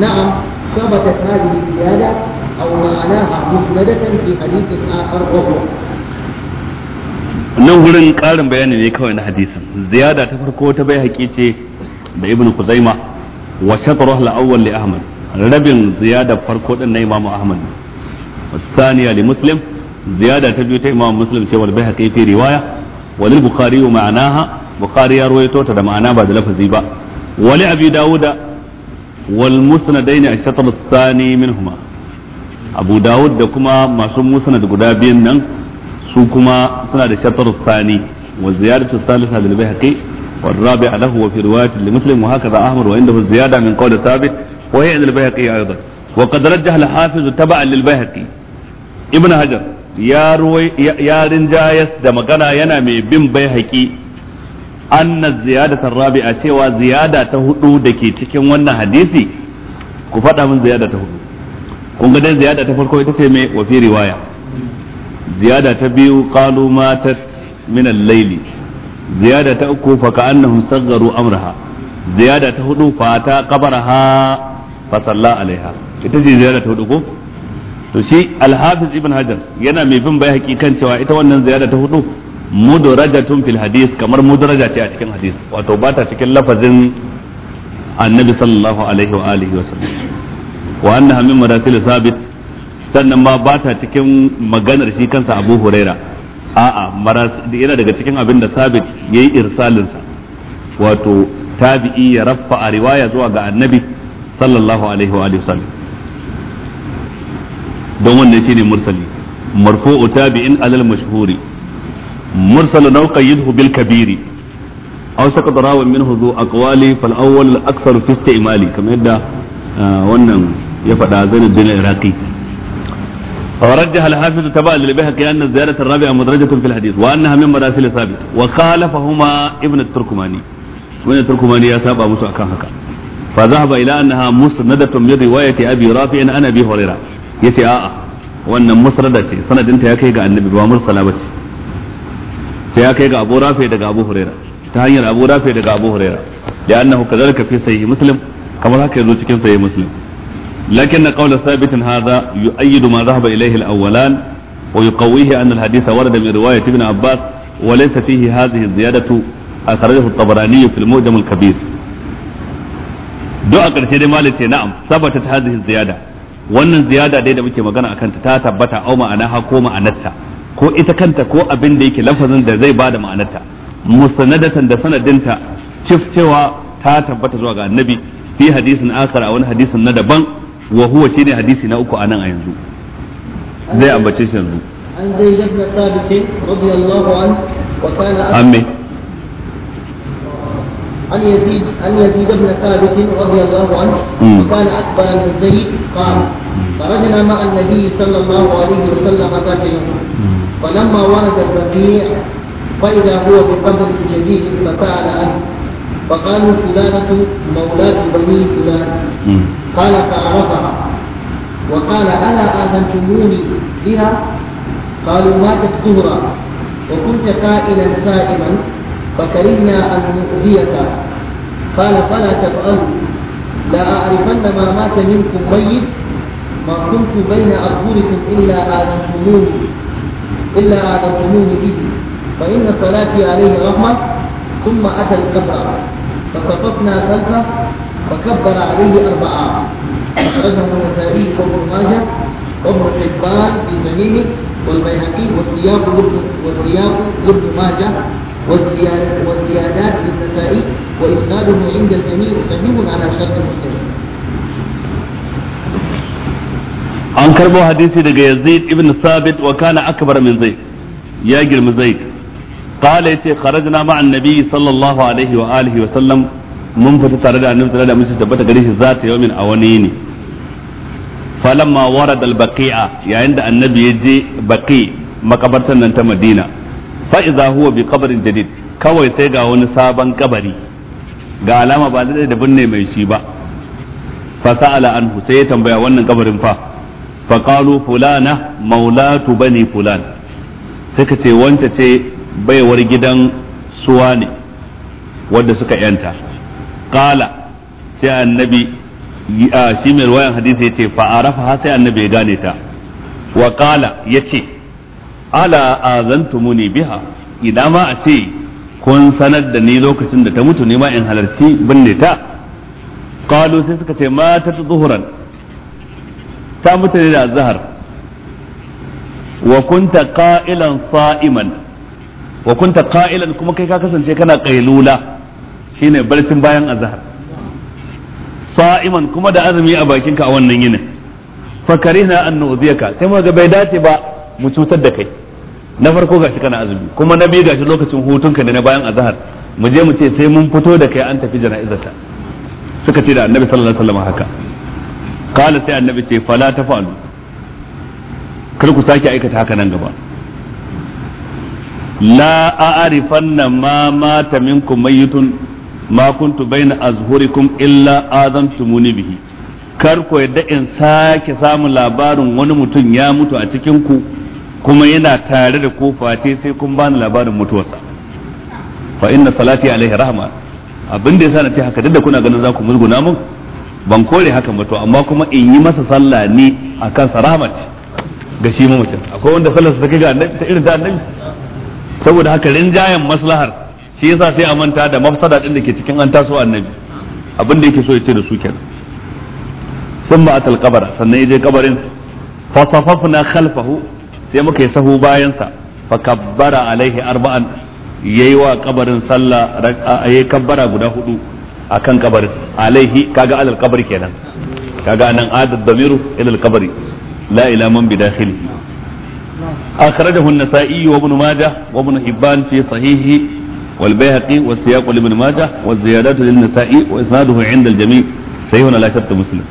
نعم ثبتت هذه الزيادة أو معناها مسندة في حديث آخر وهو nan gurin ƙarin bayani ne kawai na hadisin ziyada ta farko ta bai haƙi ce da ibn kuzaima wa shatruh al-awwal li ahmad rabin ziyada farko din na imamu ahmad saniya li muslim ziyada ta biyu ta imamu muslim ce wal bihaqi fi riwaya wal bukhari wa ma'anaha bukhari ya ruwaito ta da ma'ana ba da lafazi ba wal abi dauda wal musnadain ashtab thani minhuma abu dawud da kuma masu musnad guda biyan nan su kuma suna da shatar thani wa ziyadatu thalitha lil bihaqi والرابع له في رواية لمسلم وهكذا أحمر وعنده الزيادة من قول ثابت وهي عند البيهقي أيضا وقد رجح الحافظ تبعا للبيهقي ابن هجر يا روي يا رنجايس da magana yana mai bin baihaqi anna ziyadatan rabi'a cewa ziyada ta hudu da ke cikin wannan hadisi ku faɗa min ziyada ta hudu kun ga dai ziyada ta farko ita ce mai wa fi riwaya ziyada biyu qalu matat min al uku fa salla alaiha ita ce ziyara ta hudu ko to shi al-hafiz ibn hajar yana mai bin bai hakikan cewa ita wannan ziyara ta hudu mudrajatun fil hadis kamar mudraja ce a cikin hadis wato ba ta cikin lafazin annabi sallallahu alaihi wa alihi wa sallam wa annaha min maratil sabit sannan ma ba ta cikin maganar shi kansa abu huraira a'a yana daga cikin abin da sabit yayi irsalinsa wato tabi'i ya raffa a riwaya zuwa ga annabi sallallahu alaihi wa sallam don wannan shine mursali marfu'u tabi'in alal mashhuri mursalu nauqayyidhu bil kabiri aw saqad rawi minhu dhu aqwali fal awwal al akthar fi istimali kamar yadda ah, wannan ya faɗa zainab bin iraqi ورجح الحافظ تبع للبيهقي ان الزياده الرابعه مدرجه في الحديث وانها من مراسل ثابت وخالفهما ابن التركماني ابن التركماني يا سابا مسو akan haka fa zahaba ila annaha musnadatun min riwayati abi rafi an abi huraira yace a'a wannan musnada ce sanadinta ya kai ga annabi ba mursala sai ya kai ga abu rafi daga abu huraira ta hanyar abu rafi daga abu huraira da annahu kadhalika fi sahih muslim kamar haka yazo cikin sahih muslim لكن قول ثابت هذا يؤيد ما ذهب إليه الأولان ويقويه أن الحديث ورد من رواية ابن عباس وليس فيه هذه الزيادة أخرجه الطبراني في المعجم kabir. duk a ƙarshe dai malam sai na'am sabata ta hadhihi ziyada wannan ziyada dai da muke magana akan ta ta tabbata au ma'anaha ko ma'anarta ko ita kanta ko abin da yake lafazin da zai bada ma'anarta musanadatan da sanadinta cif cewa ta tabbata zuwa ga annabi fi hadisin akhar a wani hadisin na daban wa huwa shine hadisi na uku nan a yanzu zai ambace shi yanzu an radiyallahu anhu wa kana amin عن يزيد عن يزيد بن ثابت رضي الله عنه وكان اكبر من زيد قال خرجنا مع النبي صلى الله عليه وسلم ذات يوم فلما ورد الربيع فاذا هو بقدر جديد فسال عنه فقالوا فلانة مولاة بني فلان قال فعرفها وقال ألا آذنتموني بها قالوا ماتت ظهرا وكنت قائلا سائما فكرهنا أن نؤذيك قال فلا تفعلوا لا أعرفن ما مات منكم ميت ما كنت بين أرجلكم إلا آذنتموني إلا آذنتموني به فإن صلاتي عليه رحمة ثم أتى الكفر فصففنا خلفه فكبر عليه أربعة أخرجه النسائي وابن ماجه وابن حبان في سنينه والبيهقي والسياق لابن وابن ماجه والزيادات للنسائي وإسناده عند الجميع صحيح على شرط مسلم an karbo hadisi daga Yazid ibn Sabit wa kana akbar min Zaid ya girma Zaid qala yace kharajna ma'a an-nabi sallallahu alaihi wa alihi wa sallam mun fita tare da annabi sallallahu alaihi wa sallam tabbata gare shi za ta yawmin awani ne falamma warada al-baqi'a yayin da annabi ya je baqi makabartan nan ta Madina fa idza huwa bi qabrin jadid kawai sai ga wani sabon kabari ga alama ba da da binne mai shi ba fa sa'ala anhu sai ya tambaya wannan kabarin fa fa qalu fulana maulatu bani fulan suka ce wanta ce baiwar gidan suwa ne wadda suka yanta qala sai annabi shi mai ruwayan hadisi ya ce fa arafa sai annabi ya gane ta wa qala yace ala azantumuni biha idan ma a ce kun sanar da ni lokacin da ta mutu ne ma in halarci binne ta qalu sai suka ce mata zuhuran ta mutu ne da azhar wa kunta qa'ilan sa'iman wa kunta qa'ilan kuma kai ka kasance kana qailula shine barcin bayan azhar sa'iman kuma da azumi a bakinka a wannan yinin fa karihna an nu'ziyaka sai mu ga bai dace ba mu cutar da kai na farko gashi kana azumi kuma na biyu gashi lokacin hutunka ne na bayan azhar mu je mu ce sai mun fito da kai an tafi jana'izarta suka ce da annabi sallallahu alaihi wasallam haka kala sai annabi ce fala tafalu kar ku sake aikata haka nan gaba la a'rifanna ma mata minkum mayyitun ma kuntu baina azhurikum illa sumuni bihi kar ku yadda in sake samun labarin wani mutum ya mutu a cikin ku kuma yana tare da ku face sai kun bani labarin mutuwarsa fa inna salati alaihi rahma abin da yasa na ce haka duk da kuna ganin za ku musguna mun ban kore haka ba to amma kuma in yi masa sallah ne akan rahmat ga shi mutum akwai wanda sallarsa ta kai ga annabi ta irin ta annabi saboda haka rinjayen maslahar shi yasa sai a manta da mafsada din da ke cikin an taso annabi abin da yake so ya ce da su kenan sun ma'atal kabara sannan ya je kabarin fasafafuna khalfahu sai muka yi sahu bayansa fa kabbara alaihi arba'an yayi wa kabarin sallah ayi kabbara guda hudu akan kabarin alaihi kaga alal kabari kenan kaga anan adad damiru ila al kabari la ila man bi dakhilihi akhrajahu an-nasa'i wa ibn majah wa ibn hibban fi sahihi wa ziyadatu لابن nasa'i wa isnaduhu 'inda al jami' سيهنا la shatta muslim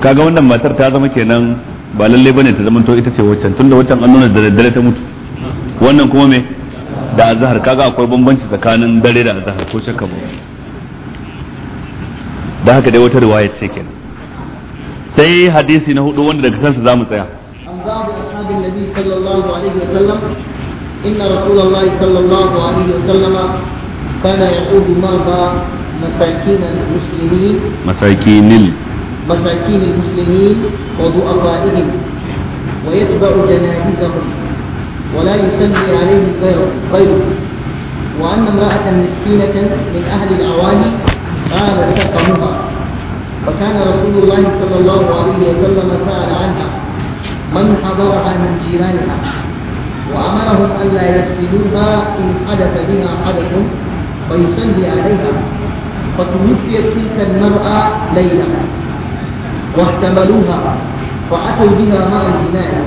kaga wannan matar ta zama kenan ba lalle bane ta zamanto ita ce waccan tunda waccan an nuna da daddare ta mutu wannan kuma me da azhar kaga akwai bambanci tsakanin dare da azhar ko shakka ba da haka dai wata riwaya ce kenan sai hadisi na hudu wanda daga kansa zamu tsaya an ba'd ashabin nabi sallallahu alaihi wasallam inna rasulullahi sallallahu alaihi wa kana yaqudu marba masakinil muslimin masakinil مساكين المسلمين وضعفائهم ويتبع جنائزهم ولا يصلي عليهم غيره وأن امرأة مسكينة من أهل الأواني قال سقمها فكان رسول الله صلى الله عليه وسلم سأل عنها من حضرها من جيرانها وأمرهم ألا يفسدوها إن حدث بها حدث ويصلي عليها فتوفيت تلك المرأة ليلة واحتملوها فأتوا بها مع البناء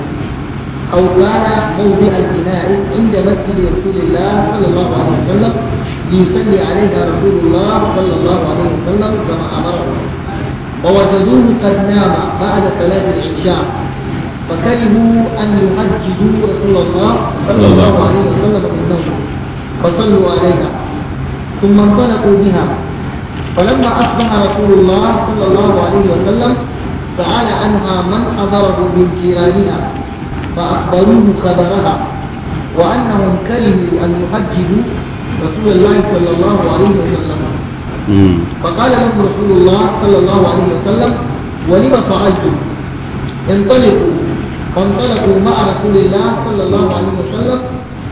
أو كان موضع البناء عند مسجد رسول الله صلى الله عليه وسلم ليصلي عليها رسول الله صلى الله عليه وسلم كما أمره ووجدوه قد نام بعد صلاة العشاء فكرهوا أن يحججوا رسول الله صلى الله عليه وسلم من نومه فصلوا عليها ثم انطلقوا بها فلما أصبح رسول الله صلى الله عليه وسلم سأل عنها من حضره من جيراننا فأخبروه خبرها وأنهم كرهوا أن يحجبوا رسول الله صلى الله عليه وسلم فقال لهم رسول الله صلى الله عليه وسلم ولم فعلتم انطلقوا فانطلقوا مع رسول الله صلى الله عليه وسلم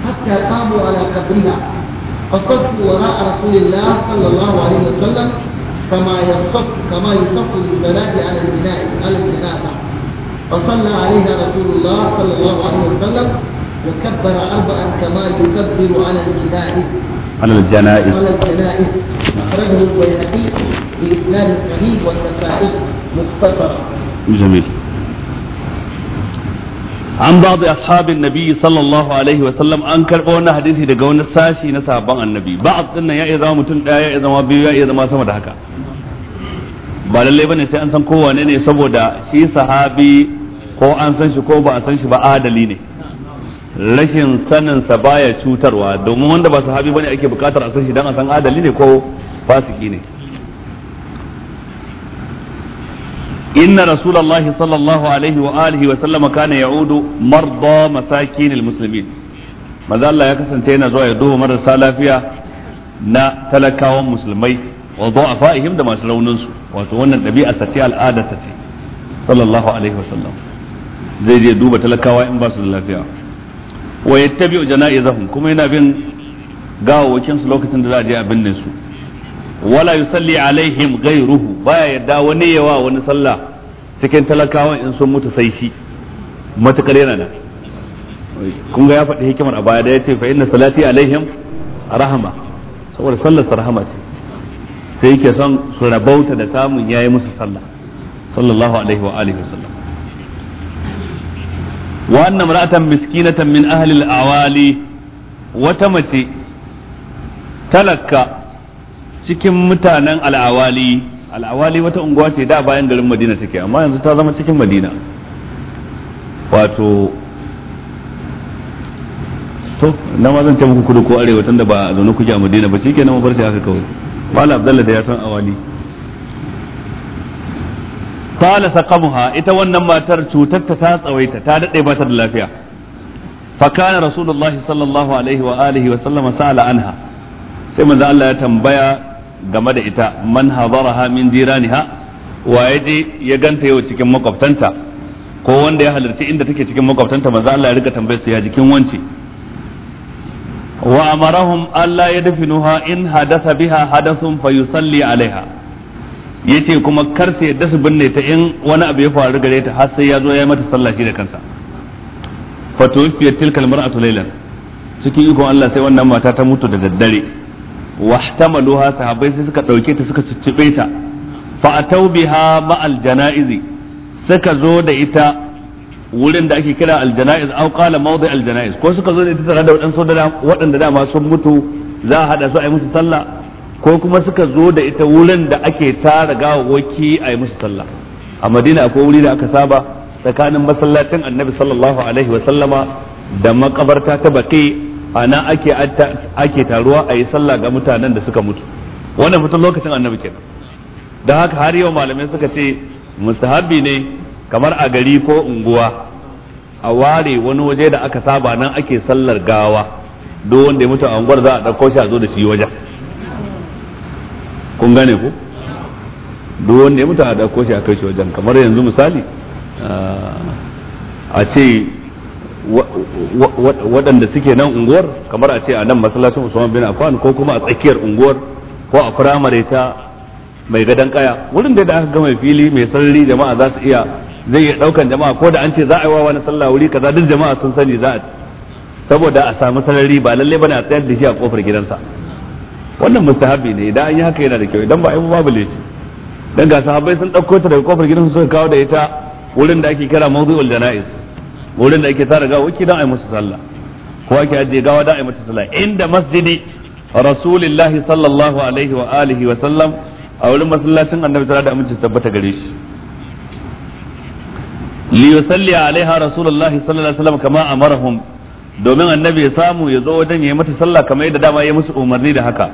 حتى قاموا على قبرنا فصفوا وراء رسول الله صلى الله عليه وسلم كما يصف كما يصف للصلاة على البناء على البناء فصلى عليها رسول الله صلى الله عليه وسلم وكبر أربعا كما يكبر على البناء على الجنائز على الجنائز أخرجه البيهقي بإسناد صحيح والنسائي مختصرا جميل an ba da ashabin nabi sallallahu alaihi wa sallam an karɓo wani hadisi daga wani sashi na sahabban annabi ba a nan ya iya zama mutum daya ya iya zama biyu ya iya zama sama da haka ba lallai bane sai an san kowane ne saboda shi sahabi ko an san shi ko ba a san shi ba adali ne rashin sanin sa baya cutarwa domin wanda ba sahabi bane ake bukatar a san shi dan a san adali ne ko fasiki ne inna rasulullahi sallallahu alaihi wa alihi wa sallama kana ya'udu marda masakin almuslimin manzo ya kasance yana zuwa ya duba marasa lafiya na talakawan musulmai wa du'afaihim da masu raunin su wato wannan dabi'a ta al'ada ta sallallahu alaihi wa sallam zai je duba talakawa in basu su da lafiya wa yattabi'u janaizahum kuma yana bin gawawakin lokacin da za a je a binne su wala yusalli alaihim gairuhu baya yadda wani yawa wani sallah cikin talakawan in sun mutu sai shi matakar yana nan kun ga ya faɗi hikimar a baya da ya ce fa inna salati alaihim rahama saboda sallar sa rahama ce sai yake son su rabauta da samun yayi musu sallah sallallahu alaihi wa alihi wasallam wa anna mar'atan miskinatan min ahli al-awali wata mace talakka cikin mutanen al'awali al'awali wata unguwa ce da bayan garin madina take amma yanzu ta zama cikin madina wato to na ma zan ce muku kudu ko arewa tunda ba zaune kuke a madina ba shi ke nama mafarci haka kawai mala abdallah da ya san awali qala saqamuha ita wannan matar cutar ta ta tsawaita ta dade ba ta da lafiya fa kana rasulullahi sallallahu alaihi wa alihi wa sallama sa'ala anha sai manzo Allah ya tambaya game da ita man hadaraha min jiraniha wa yaji ya ganta yau cikin makwabtanta ko wanda ya halarci inda take cikin makwabtanta manzo Allah ya riga tambayar su ya jikin wance wa amarahum alla yadfinuha in hadatha biha hadathun fayusalli alaiha yace kuma kar sai yadda su binne ta in wani abu ya faru gare ta har sai ya zo ya mata sallah shi da kansa fatuwfiyat tilkal mar'atu laylan cikin iko Allah sai wannan mata ta mutu da daddare wahtamaluha sahabbai sai suka dauke ta suka ciccibe ta fa atau biha ma al janaizi suka zo da ita wurin da ake kira al janaiz aw qala mawdi al janaiz ko suka zo da ita tare da wadansu da wadanda dama sun mutu za a hada su a yi musu sallah ko kuma suka zo da ita wurin da ake tara gawawwaki a yi musu sallah a madina akwai wuri da aka saba tsakanin masallacin annabi sallallahu alaihi wa sallama da makabarta ta baƙi ana ake ake taruwa a yi sallah ga mutanen da suka mutu wannan fitan lokacin annabi kenan da haka har yau malamai suka ce mustahabi ne kamar a gari ko unguwa a ware wani waje da aka saba nan ake sallar gawa duk wanda ya mutu a unguwar za a ɗauko shi a zo da shi wajen kun gane ku duk wanda ya mutu a ɗauko shi a kai shi wajen kamar yanzu misali a ce waɗanda suke nan unguwar kamar a ce a nan masallacin Usman bin Affan ko kuma a tsakiyar unguwar ko a firamare ta mai gadon kaya wurin da aka ga mai fili mai sarari jama'a za su iya zai iya ɗaukan jama'a ko da an ce za a yi wa wani sallah wuri kaza duk jama'a sun sani za a saboda a samu sarari ba lalle bane a tsayar da shi a kofar gidansa wannan mustahabi ne idan an yi haka yana da kyau idan ba ai babu laifi dan ga sahabbai sun ɗauko ta daga kofar gidansu suka kawo da ita wurin da ake kira mawdu'ul janais wurin da ake tara gawaki dan ai musu sallah ko ake ajiye gawa dan ai musu sallah inda masjidi rasulillahi sallallahu alaihi wa alihi wa sallam a wurin masallacin annabi tara da aminci tabbata gare shi li yusalli alaiha rasulullahi sallallahu alaihi wa sallam kama amarahum domin annabi ya samu ya zo wajen yayi mata sallah kamar yadda dama ya musu umarni da haka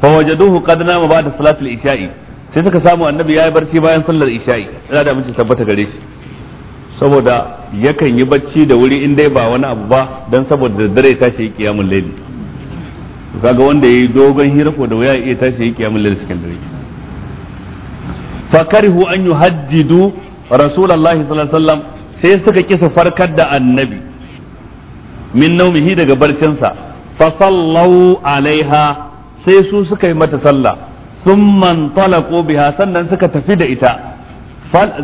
fa wajaduhu qad nama ba'da salatul isha'i sai suka samu annabi yayi barci bayan sallar isha'i tara da aminci tabbata gare shi saboda yakan yi bacci da wuri in dai ba wani abu ba don saboda dare tashi kiyamul laili kaga wanda yayi dogon hira ko da waya iya tashi kiyamul layli cikin dare fakarihu an yuhaddidu rasulullahi sallallahu alaihi wasallam sai suka kisa farkar da annabi min naumihi daga barcinsa fa alaiha sai su suka yi mata sallah thumma talaqu biha sannan suka tafi da ita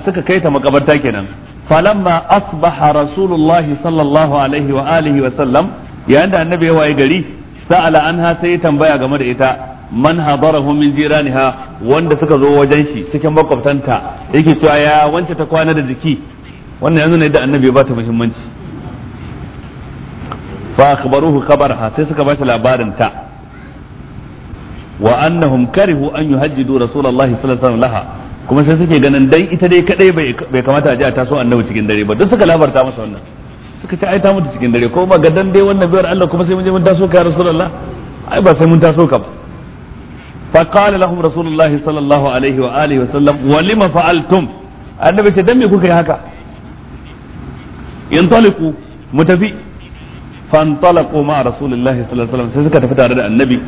suka kai ta makabarta kenan falamma asbaha rasulullahi sallallahu alaihi wa alihi wa sallam yayin da annabi ya waye gari sa'ala anha sai ya tambaya game da ita man hadarahu min jiraniha wanda suka zo wajen shi cikin makwabtanta yake cewa ya wance ta kwana da jiki wannan yanzu ne da annabi ya bata muhimmanci fa akhbaruhu khabarha sai suka bashi labarin ta wa annahum karihu an yuhajjidu rasulullahi sallallahu alaihi wa sallam kuma sai suke ganin dai ita dai kadai bai kamata a ji a taso annabi cikin dare ba duk suka labarta masa wannan suka ce ai ta mutu cikin dare ko ba ga dan dai wannan biyar Allah kuma sai mun je mun taso ka rasulullah ai ba sai mun taso ka ba fa qala lahum rasulullahi sallallahu alaihi wa alihi wa sallam walima annabi ce dan me kuka yi haka yantaliqu mutafi fantalaqu ma rasulillahi sallallahu alaihi wasallam sai suka tafi tare da annabi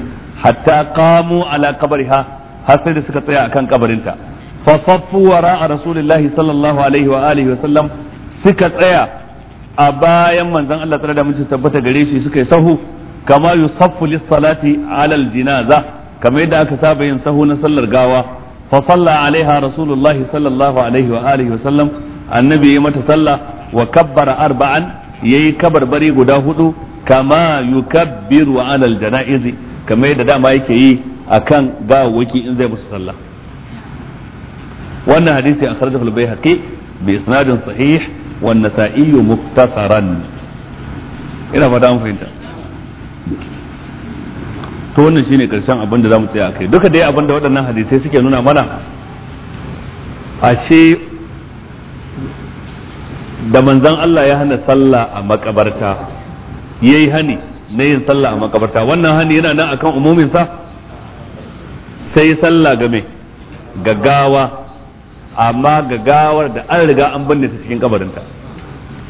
hatta qamu ala qabriha har sai da suka tsaya akan kabarinta fa saffu wara rasulillahi sallallahu alaihi wa alihi wa sallam suka tsaya a bayan manzon Allah tsara da mun tabbata gare shi suka sahu kama yusaffu lis-salati alal jinaza kama yadda aka saba yin sahu na sallar gawa fa salla alaiha rasulullahi sallallahu alaihi wa alihi wa sallam annabi ya mata salla wa kabbara arba'an yayi kabarbari guda hudu kama yukabbiru alal janaizi kama yadda dama yake yi akan gawawaki in zai musu sallah wannan hadisi an sarrafa al-baihaqi bi isnadin sahih wa an-nasa'i muktasaran ina fata an fahimta to wannan shine karshen abin da zamu tsaya kai duka dai abin da waɗannan hadisai suke nuna mana ashe da manzon Allah ya hana sallah a makabarta yayi hani na yin sallah a makabarta wannan hani yana nan akan umumin sa sai sallah game gaggawa amma ga gawar da an riga an binne ta cikin kabarinta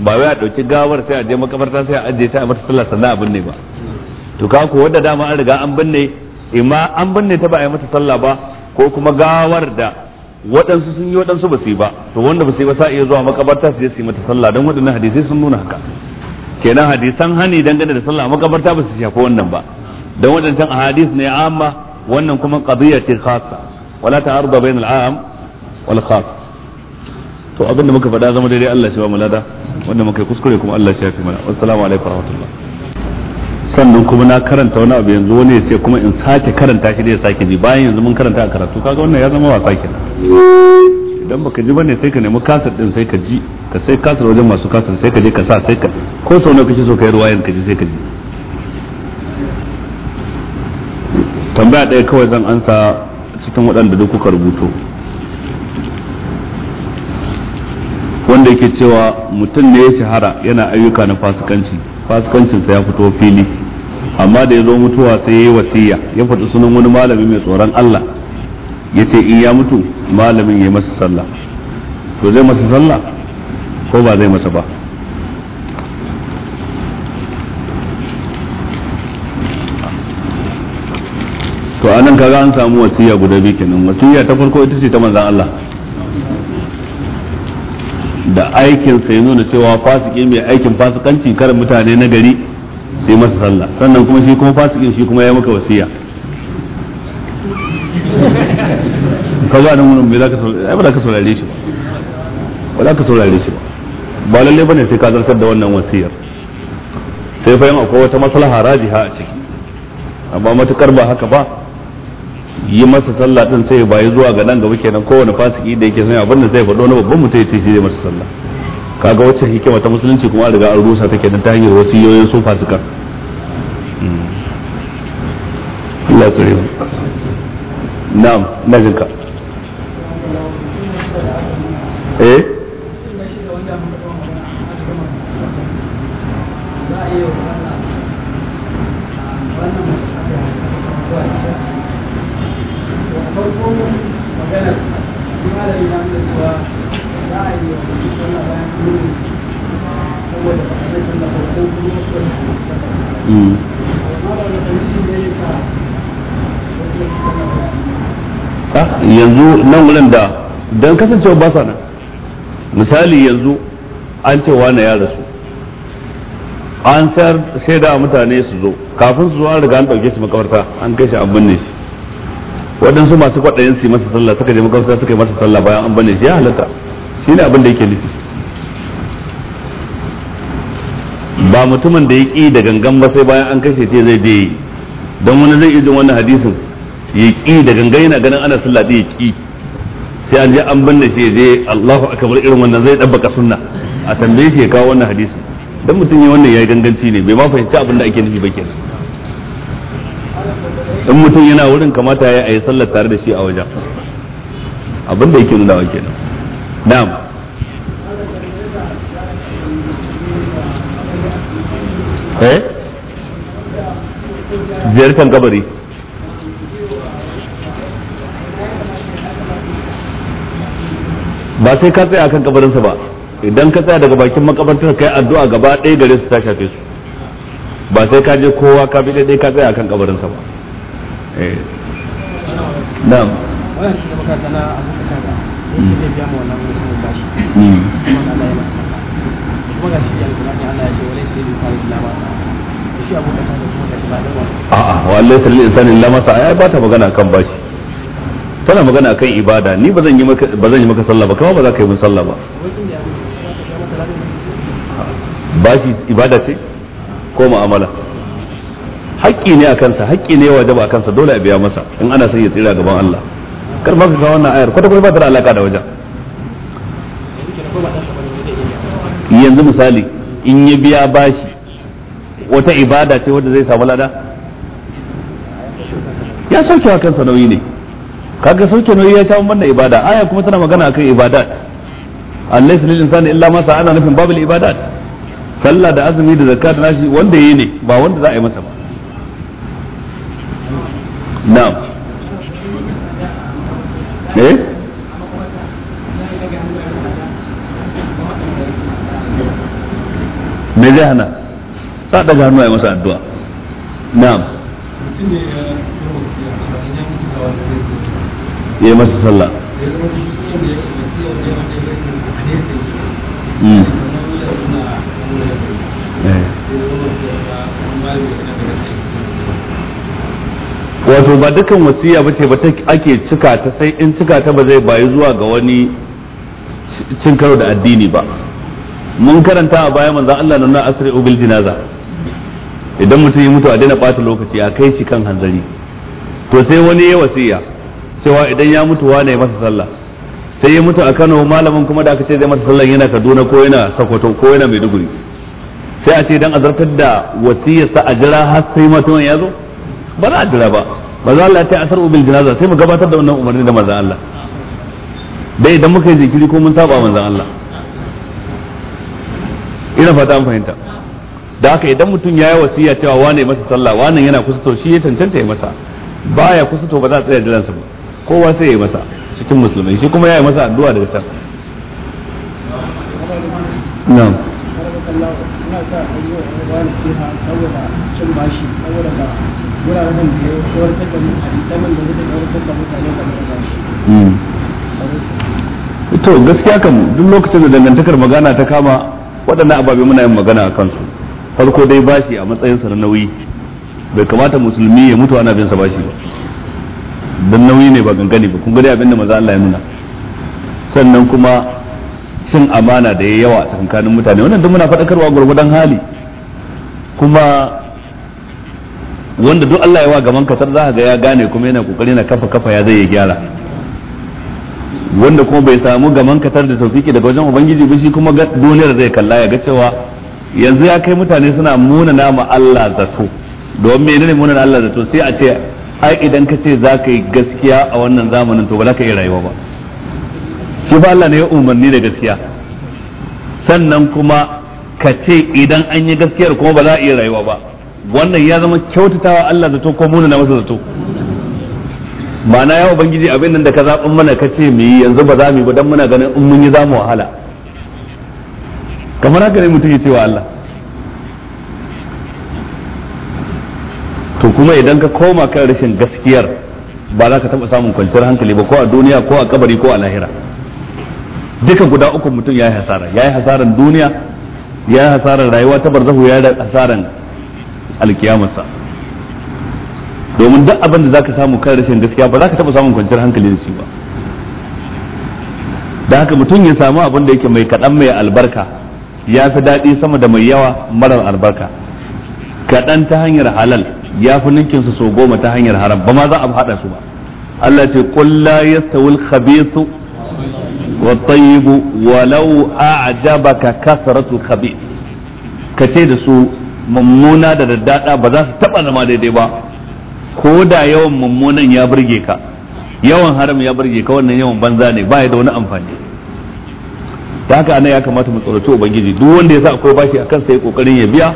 ba wai a ɗauki gawar sai a je makabarta sai a ajiye ta a mata sallah sannan a binne ba to ka ko wadda dama an riga an binne imma an binne ta ba a yi mata sallah ba ko kuma gawar da waɗansu sun yi waɗansu ba su yi ba to wanda ba su yi ba sa iya zuwa makabarta su je su yi mata sallah don waɗannan hadisai sun nuna haka kenan hadisan hani dangane da sallah makabarta ba su shafi wannan ba don waɗancan ahadis ne amma wannan kuma qadiyya ce khassa wala ta'arudu bainal am wal to abin da muka faɗa zama daidai Allah shi ba mul'ada wanda muka yi kuskure kuma Allah shi ya fi mana assalamu alaikum warahmatullahi sannan kuma na karanta wani abu yanzu wani ya ce kuma in sake karanta shi da ya sake ji bayan yanzu mun karanta a karatu kaga wannan ya zama wasa kenan idan baka ji bane sai ka nemi kasar din sai ka ji ka sai kasar wajen masu kasar sai ka je ka sa sai ka ko sau nawa kake so ka yi ruwayan ka ji sai ka ji tambaya ɗaya kawai zan ansa cikin waɗanda duk kuka rubuto wanda yake cewa mutum ne ya shahara yana ayyuka na fasikanci fasikancinsa ya fito fili amma da ya zo mutuwa sai ya yi wasiya ya faɗi sunan wani malami mai tsoron Allah ya ce in ya mutu malamin ya yi masa sallah to zai masa sallah ko ba zai masa ba to anan kaga an samu wasiya guda biyu kenan wasiya ta farko ita ce ta manzan Allah da aikinsa ya nuna cewa fasiki mai aikin fasikanci karin mutane na gari sai masa sallah sannan kuma shi kuma fasikin shi kuma ya maka wasiya ka zo a nan wurin me za ka ba saurare shi ba ba ka saurare shi ba ba lalle bane sai ka zartar da wannan wasiyar sai fa akwai wata maslaha rajiha a ciki amma matukar ba haka ba yi masa sallah din sai ba ya zuwa ga nan gaba kenan kowane fasiki da yake son abin da zai faɗo na babban mutum ce shi zai masa sallah kaga wacce hikima ta musulunci kuma an riga an rusa take nan ta hanyar wasiyoyin su fasikan. Hmm. Allah tsare mu na'am na jinka eh yanzu nan wurin da don kasancewa ba sa nan misali yanzu an ce wane ya rasu an sayar sai da mutane su zo kafin su zo an riga an ɗauke shi makabarta an kai shi an binne shi waɗansu masu kwaɗayin su masa sallah suka je makabarta suka yi masa sallah bayan an binne shi ya halatta shi ne abin da yake nufi ba mutumin da ya ƙi da gangan ba sai bayan an kashe ce zai je don wani zai iya jin wannan hadisin ya ki da ganga yana ganin ana sallah da ya ki sai an je an binne shi je Allahu akbar irin wannan zai dabbaka sunna a tambaye shi ya kawo wannan hadisi dan mutum ya wannan yayi ganganci ne bai ma fahimci abin da ake nufi ba kenan dan mutum yana wurin kamata ya yi sallar tare da shi a wajen abin da yake nuna wa kenan na'am eh ziyartar kabari ba sai ka tsaya kan kabarinsa ba idan ka tsaya daga bakin makabartar kai addu'a gaba ɗaya gare su ta shafe su ba sai ka je kowa ka bi ɗaya ka tsaya kan kabarinsa ba eh. na'am wannan shi da hmm. biya mu wannan bashi hmm. kuma Allah ya masa kuma ga shi alƙur'ani Allah ya ce wala la shi kuma ga shi ba da a'a wallahi sallin insani ai ba ta magana kan bashi tana magana kan ibada ni ba zan yi maka sallah ba kuma ba za ka yi mun sallah ba bashi ibada ce ko ma'amala haƙƙi ne a kansa haƙƙi ne wajaba a kansa dole a biya masa in ana son ya tsira gaban Allah kar ma ka wannan ayar kwata kwata ba ta da alaka da wajen yanzu misali in ya biya bashi wata ibada ce wadda zai samu lada ya sauke wa kansa nauyi ne kaga sauke nauyi ya sha banda ibada aya kuma tana magana akan ibadat allaysa lil insani illa ma sa'a ana nufin babul ibadat sallah da azumi da zakka da nashi wanda yayi ne ba wanda za a yi masa ba na'am eh me zai hana sa daga hannu a yi masa addu'a na'am ya yi masa sallah hmm. eh. wato ba dukan wasiya ba ce ba ake cika ta sai in cika ta ba zai bayi zuwa ga wani cin karo da addini ba mun karanta a baya manzan Allah na nuna asri ubil jinaza idan mutum ya mutu a daina bata lokaci a kai shi kan hanzari to sai wani ya wasiya cewa idan ya mutu wane masa sallah sai ya mutu a Kano malamin kuma da aka ce zai masa sallah yana Kaduna ko yana Sokoto ko yana Maiduguri sai a ce idan azartar da wasiyarsa a jira har sai mutuwan ya zo ba za a jira ba ba za Allah a sarbu bil janaza sai mu gabatar da wannan umarni da manzon Allah dai idan muka yi zikiri ko mun saba manzon Allah ina fata an fahimta da haka idan mutum ya yi wasiya cewa wane masa sallah wannan yana kusa to shi ya cancanta ya masa baya kusa to ba za a tsaya jiransa ba kowa sai ya yi masa cikin musulmai shi kuma ya yi masa addu'a da can na'am hmm. to gaskiya kan duk lokacin da dangantakar magana ta kama waɗannan ababe muna yin magana a kansu farko dai bashi a matsayinsa na nauyi bai kamata musulmi ya mutu ana bin sa bashi ba dan nauyi ne ba gangane ba kun ga dai abinda maza Allah ya nuna sannan kuma cin amana da ya yawa tsakanin mutane wannan duk muna faɗakarwa gurgudan hali kuma wanda duk Allah ya wa gaban sar za ga ya gane kuma yana kokari na kafa kafa ya zai ya gyara wanda kuma bai samu gaban kasar da taufiki daga wajen ubangiji ba shi kuma duniyar zai kalla ya ga cewa yanzu ya kai mutane suna munana ma Allah zato domin menene munana Allah zato sai a ce ai idan ka ce za ka yi gaskiya a wannan zamanin to ba za ka yi rayuwa ba shi ba Allah ne ya umarni da gaskiya sannan kuma ka ce idan an yi gaskiyar kuma ba za a iya rayuwa ba wannan ya zama kyautatawa Allah zato ko muna na masa zato ma'ana ya ubangiji abin nan da ka zaɓin mana ka ce mu yi yanzu ba za mu yi ba don muna ganin in mun yi za mu wahala kamar haka ne mutum ya ce wa Allah to kuma idan ka koma kan rashin gaskiyar ba za ka taɓa samun kwanciyar hankali ba ko a duniya ko a kabari ko a lahira dukan guda uku mutum ya yi hasara ya yi hasaran duniya ya yi hasaran rayuwa ta barzahu ya yi hasaran alkiyamarsa domin duk abin da za ka samu kan rashin gaskiya ba za ka taɓa samun kwanciyar hankali da shi ba da haka mutum ya samu abin da yake mai kaɗan mai albarka ya fi daɗi sama da mai yawa marar albarka kaɗan ta hanyar halal ya fi ninkin su sau goma ta hanyar haram ba ma za a haɗa su ba Allah ce qul la yastawil khabithu wa tayyib walau a'jabaka kasratul khabith kace da su mummuna da daddada ba za su taba zama daidai ba ko da yawan mummunan ya burge ka yawan haram ya burge ka wannan yawan banza ne ba ya da wani amfani ta haka ana ya kamata mu tsoraci ubangiji duk wanda ya sa akwai bashi akan sai kokarin ya biya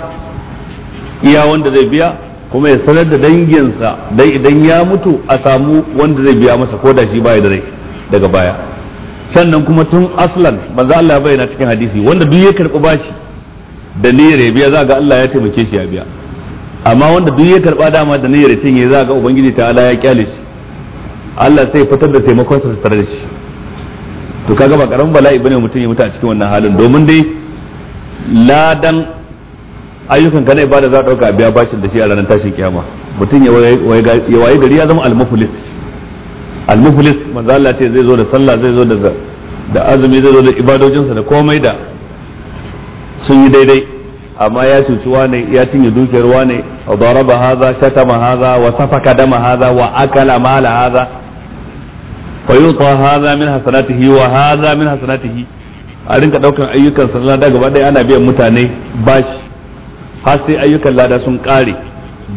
iya wanda zai biya kuma ya sanar da danginsa dai idan ya mutu a samu wanda zai biya masa ko da shi baya da rai daga baya sannan kuma tun aslan manzo Allah bayyana cikin hadisi wanda duk ya karɓi bashi da niyyar ya biya za ga Allah ya taimake shi ya biya amma wanda duk ya karɓa dama da niyyar cinye za ga ubangiji ta Allah ya kyale shi Allah sai fitar da taimakon sa tare da shi to kaga ba karamin bala'i bane mutum ya mutu a cikin wannan halin domin dai ladan ayyukan ka na ibada za a dauka biya bashin da shi a ranar tashin kiyama mutum ya waye gari ya zama almuflis almuflis manzo Allah ce zai zo da sallah zai zo da da azumi zai zo da ibadojinsa da komai da sun yi daidai amma ya cuci wane ya cinye dukiyar wane daraba haza shatama haza wa safaka dama haza wa akala mala haza fa yuta haza min hasanatihi wa haza min hasanatihi a rinka daukan ayyukan sallah da gaba ɗaya ana biyan mutane bashi har sai ayyukan lada sun kare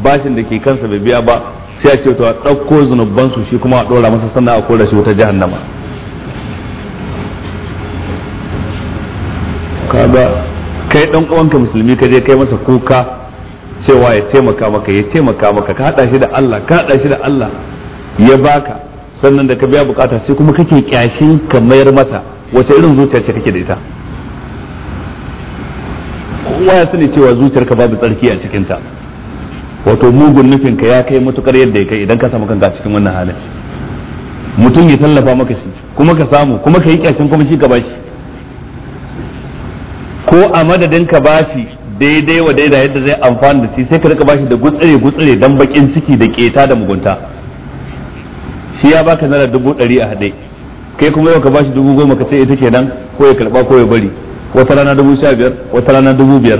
bashin da ke kansa bai biya ba sai a ce to a ɗauko zunubansu shi kuma a ɗora masa sannan a kora shi wata jahannama kaga kai ɗan uwanka musulmi ka je kai masa kuka cewa ya taimaka maka ya taimaka maka ka hada shi da Allah ka hada shi da Allah ya baka sannan da ka biya bukata sai kuma kake kyashin ka mayar masa wace irin zuciya ce kake da ita kowa ya sani cewa zuciyarka babu tsarki a cikinta wato mugun nufin ka ya kai matukar yadda ya kai idan ka samu kanka cikin wannan halin mutum ya tallafa maka shi kuma ka samu kuma ka yi kyashin kuma shi ka bashi ko a madadin ka bashi daidai wa daidai yadda zai amfana da shi sai ka rika bashi da gutsire gutsire dan bakin ciki da keta da mugunta shi ya baka naira dubu dari a haɗe kai kuma yau ka bashi dubu goma ka ce ita kenan ko ya karba ko ya bari wata rana dubu sha biyar wata rana dubu biyar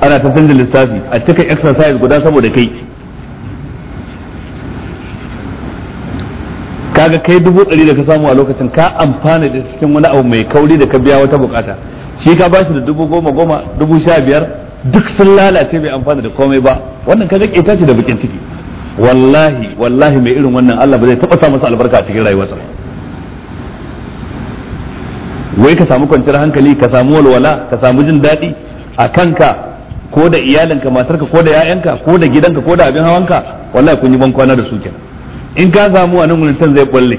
ana ta canza lissafi a cika exercise guda saboda kai kaga kai dubu ɗari da ka samu a lokacin ka amfana da cikin wani abu mai kauri da ka biya wata bukata shi ka bashi da dubu goma goma dubu sha biyar duk sun lalace bai amfana da komai ba wannan kaga ƙeta ce da bukin ciki wallahi wallahi mai irin wannan Allah ba zai taba sa masa albarka a cikin rayuwarsa wai ka samu kwanciyar hankali ka samu walwala ka samu jin daɗi a kanka ko da iyalinka matarka ko da 'ya'yanka ko da gidanka ko da abin hawanka wallahi kun yi ban kwana da su kenan in ka samu a nan can zai balle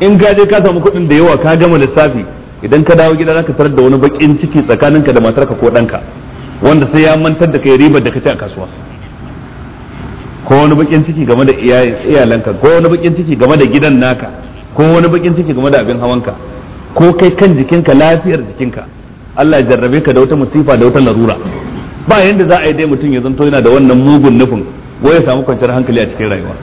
in ka je ka samu kuɗin da yawa ka gama lissafi idan ka dawo gida zaka tarar da wani bakin ciki tsakaninka da matarka ko ɗanka wanda sai ya mantar da kai ribar da ka ci a kasuwa ko wani bakin ciki game da iyalanka ko wani bakin ciki game da gidan naka ko wani bakin ciki game da abin hawanka ko kai kan jikinka lafiyar jikinka Allah ya jarrabe ka da wata musifa da wata larura ba yanda za a yi dai mutum ya zanto yana da wannan mugun nufin wai ya samu kwanciyar hankali a cikin rayuwa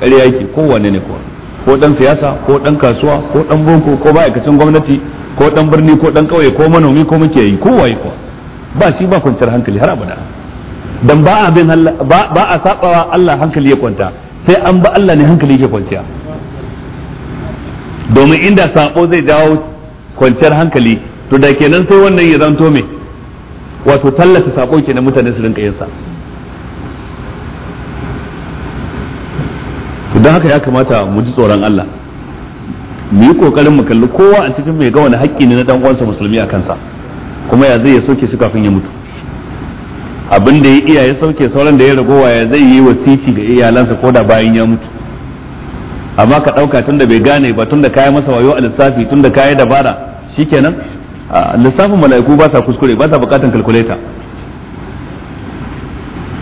ƙarya yake kowanne ne kuwa ko dan siyasa ko dan kasuwa ko dan boko ko ma'aikacin gwamnati ko dan birni ko dan kauye ko manomi ko muke yi kowaye kuwa ba shi ba kwanciyar hankali har abada dan ba a bin ba a sabawa Allah hankali ya kwanta sai an ba Allah ne hankali yake kwanciya domin inda sabo zai jawo kwanciyar hankali to da kenan sai wannan ya zanto me wato tallata sako kenan mutane su rinka yinsa to don haka ya kamata mu ji tsoron Allah mu yi kokarin mu kalli kowa a cikin mai ga wani haƙƙi ne na dan uwansa musulmi a kansa kuma ya zai ya soke shi kafin ya mutu abin da ya iya ya sauke sauran da ya ragowa ya zai yi titi ga iyalansa ko da bayan ya mutu amma ka ɗauka tun da bai gane ba tun da kayi masa wayo a lissafi tun da kayi dabara shikenan lissafin mala'iku ba sa kuskure ba sa bukatan kalkuleta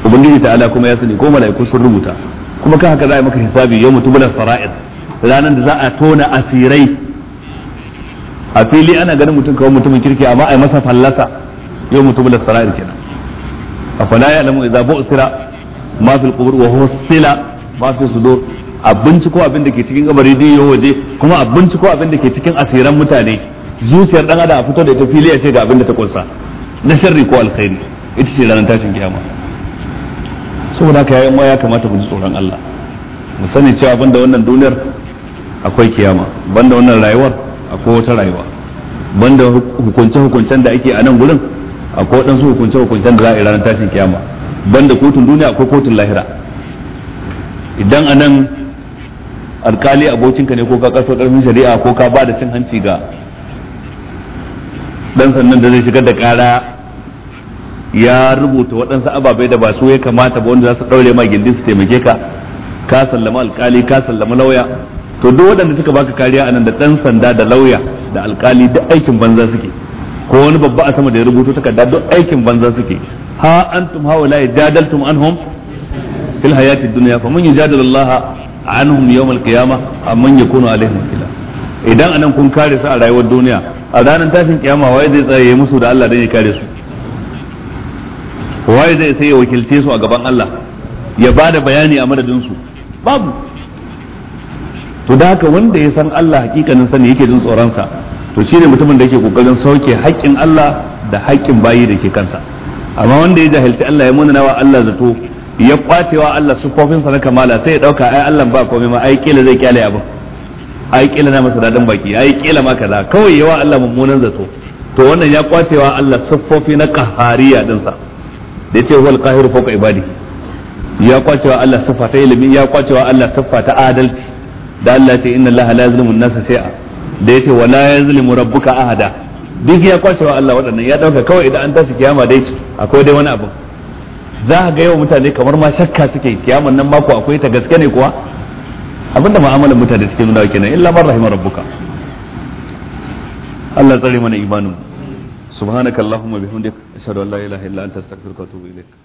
ubangiji ta Ala kuma ya sani ko mala'iku sun rubuta kuma kan haka za a yi maka hisabi yau mutu bula sara'ir ranar da za a tona asirai a fili ana ganin mutum kawai mutumin kirki amma a yi masa fallasa yau mutu bula sara'ir kenan afala ya lamu idza bu'sira ma fil qubur wa huwa sila ma fi sudur Abinci ko abin da ke cikin kabari din yau waje kuma abinci ko abin da ke cikin asiran mutane zuciyar dan adam a fito da ita fili ya ce ga abin da ta kunsa na sharri ko alkhairi ita ce ranar tashin kiyama saboda haka yayin ya kamata ku ji tsoron Allah mu sani cewa banda wannan duniyar akwai kiyama banda wannan rayuwar akwai wata rayuwa banda hukunce hukuncen da ake a nan gurin akwai waɗansu hukunce hukuncen da za a yi ranar tashin kiyama banda kotun duniya akwai kotun lahira idan a nan alkali abokinka ne ko ka kaso karfin shari'a ko ka ba da cin hanci ga dan sannan da zai shigar da kara ya rubuta waɗansu ababai da ba su ya kamata ba wanda za su ɗaure ma gindin su taimake ka ka sallama alkali ka sallama lauya to duk waɗanda suka baka kariya anan da ɗan sanda da lauya da alkali duk aikin banza suke ko wani babba a sama da ya rubuto takarda duk aikin banza suke ha antum haula jadaltum anhum fil hayatid dunya fa man yujadilu anhum yawmal qiyamah amman yakunu alaihim wakila idan anan kun kare su a rayuwar duniya a ranar tashin kiyama waye zai tsaye musu da Allah dan ya kare su waye zai sai ya wakilce su a gaban Allah ya bada bayani a madadin su babu to da haka wanda ya san Allah hakikanin sani yake jin tsoron sa to shine mutumin da yake kokarin sauke haƙƙin Allah da haƙƙin bayi da ke kansa amma wanda ya jahilci Allah ya munana wa Allah zato ya wa Allah sufofinsa na kamala sai ya dauka ai Allah ba komai ma ai kila zai kyale abin ai kila na masa dadin baki ai kila ma kaza kawai yawa Allah mummunan zato to wannan ya wa Allah sufofi na qahariya dinsa da yace wal qahiru fawqa ibadi ya wa Allah siffa ta ilimi ya wa Allah siffa ta adalci da Allah ce inna Allah la yuzlimu an-nasa shay'a da yace wala yuzlimu rabbuka ahada duk ya wa Allah waɗannan ya dauka kawai idan an tashi kiyama dai akwai dai wani abu za a ga yau mutane kamar ma shakka suke kiyaman nan mako akwai ta gaske ne kuwa abinda mu'amalan mutane suke nuna kenan illa man rahimar rabbuka Allah tsare mana imanin subhanakallahumma bihamdika ashhadu an la ilaha illa anta astaghfiruka wa atubu ilaik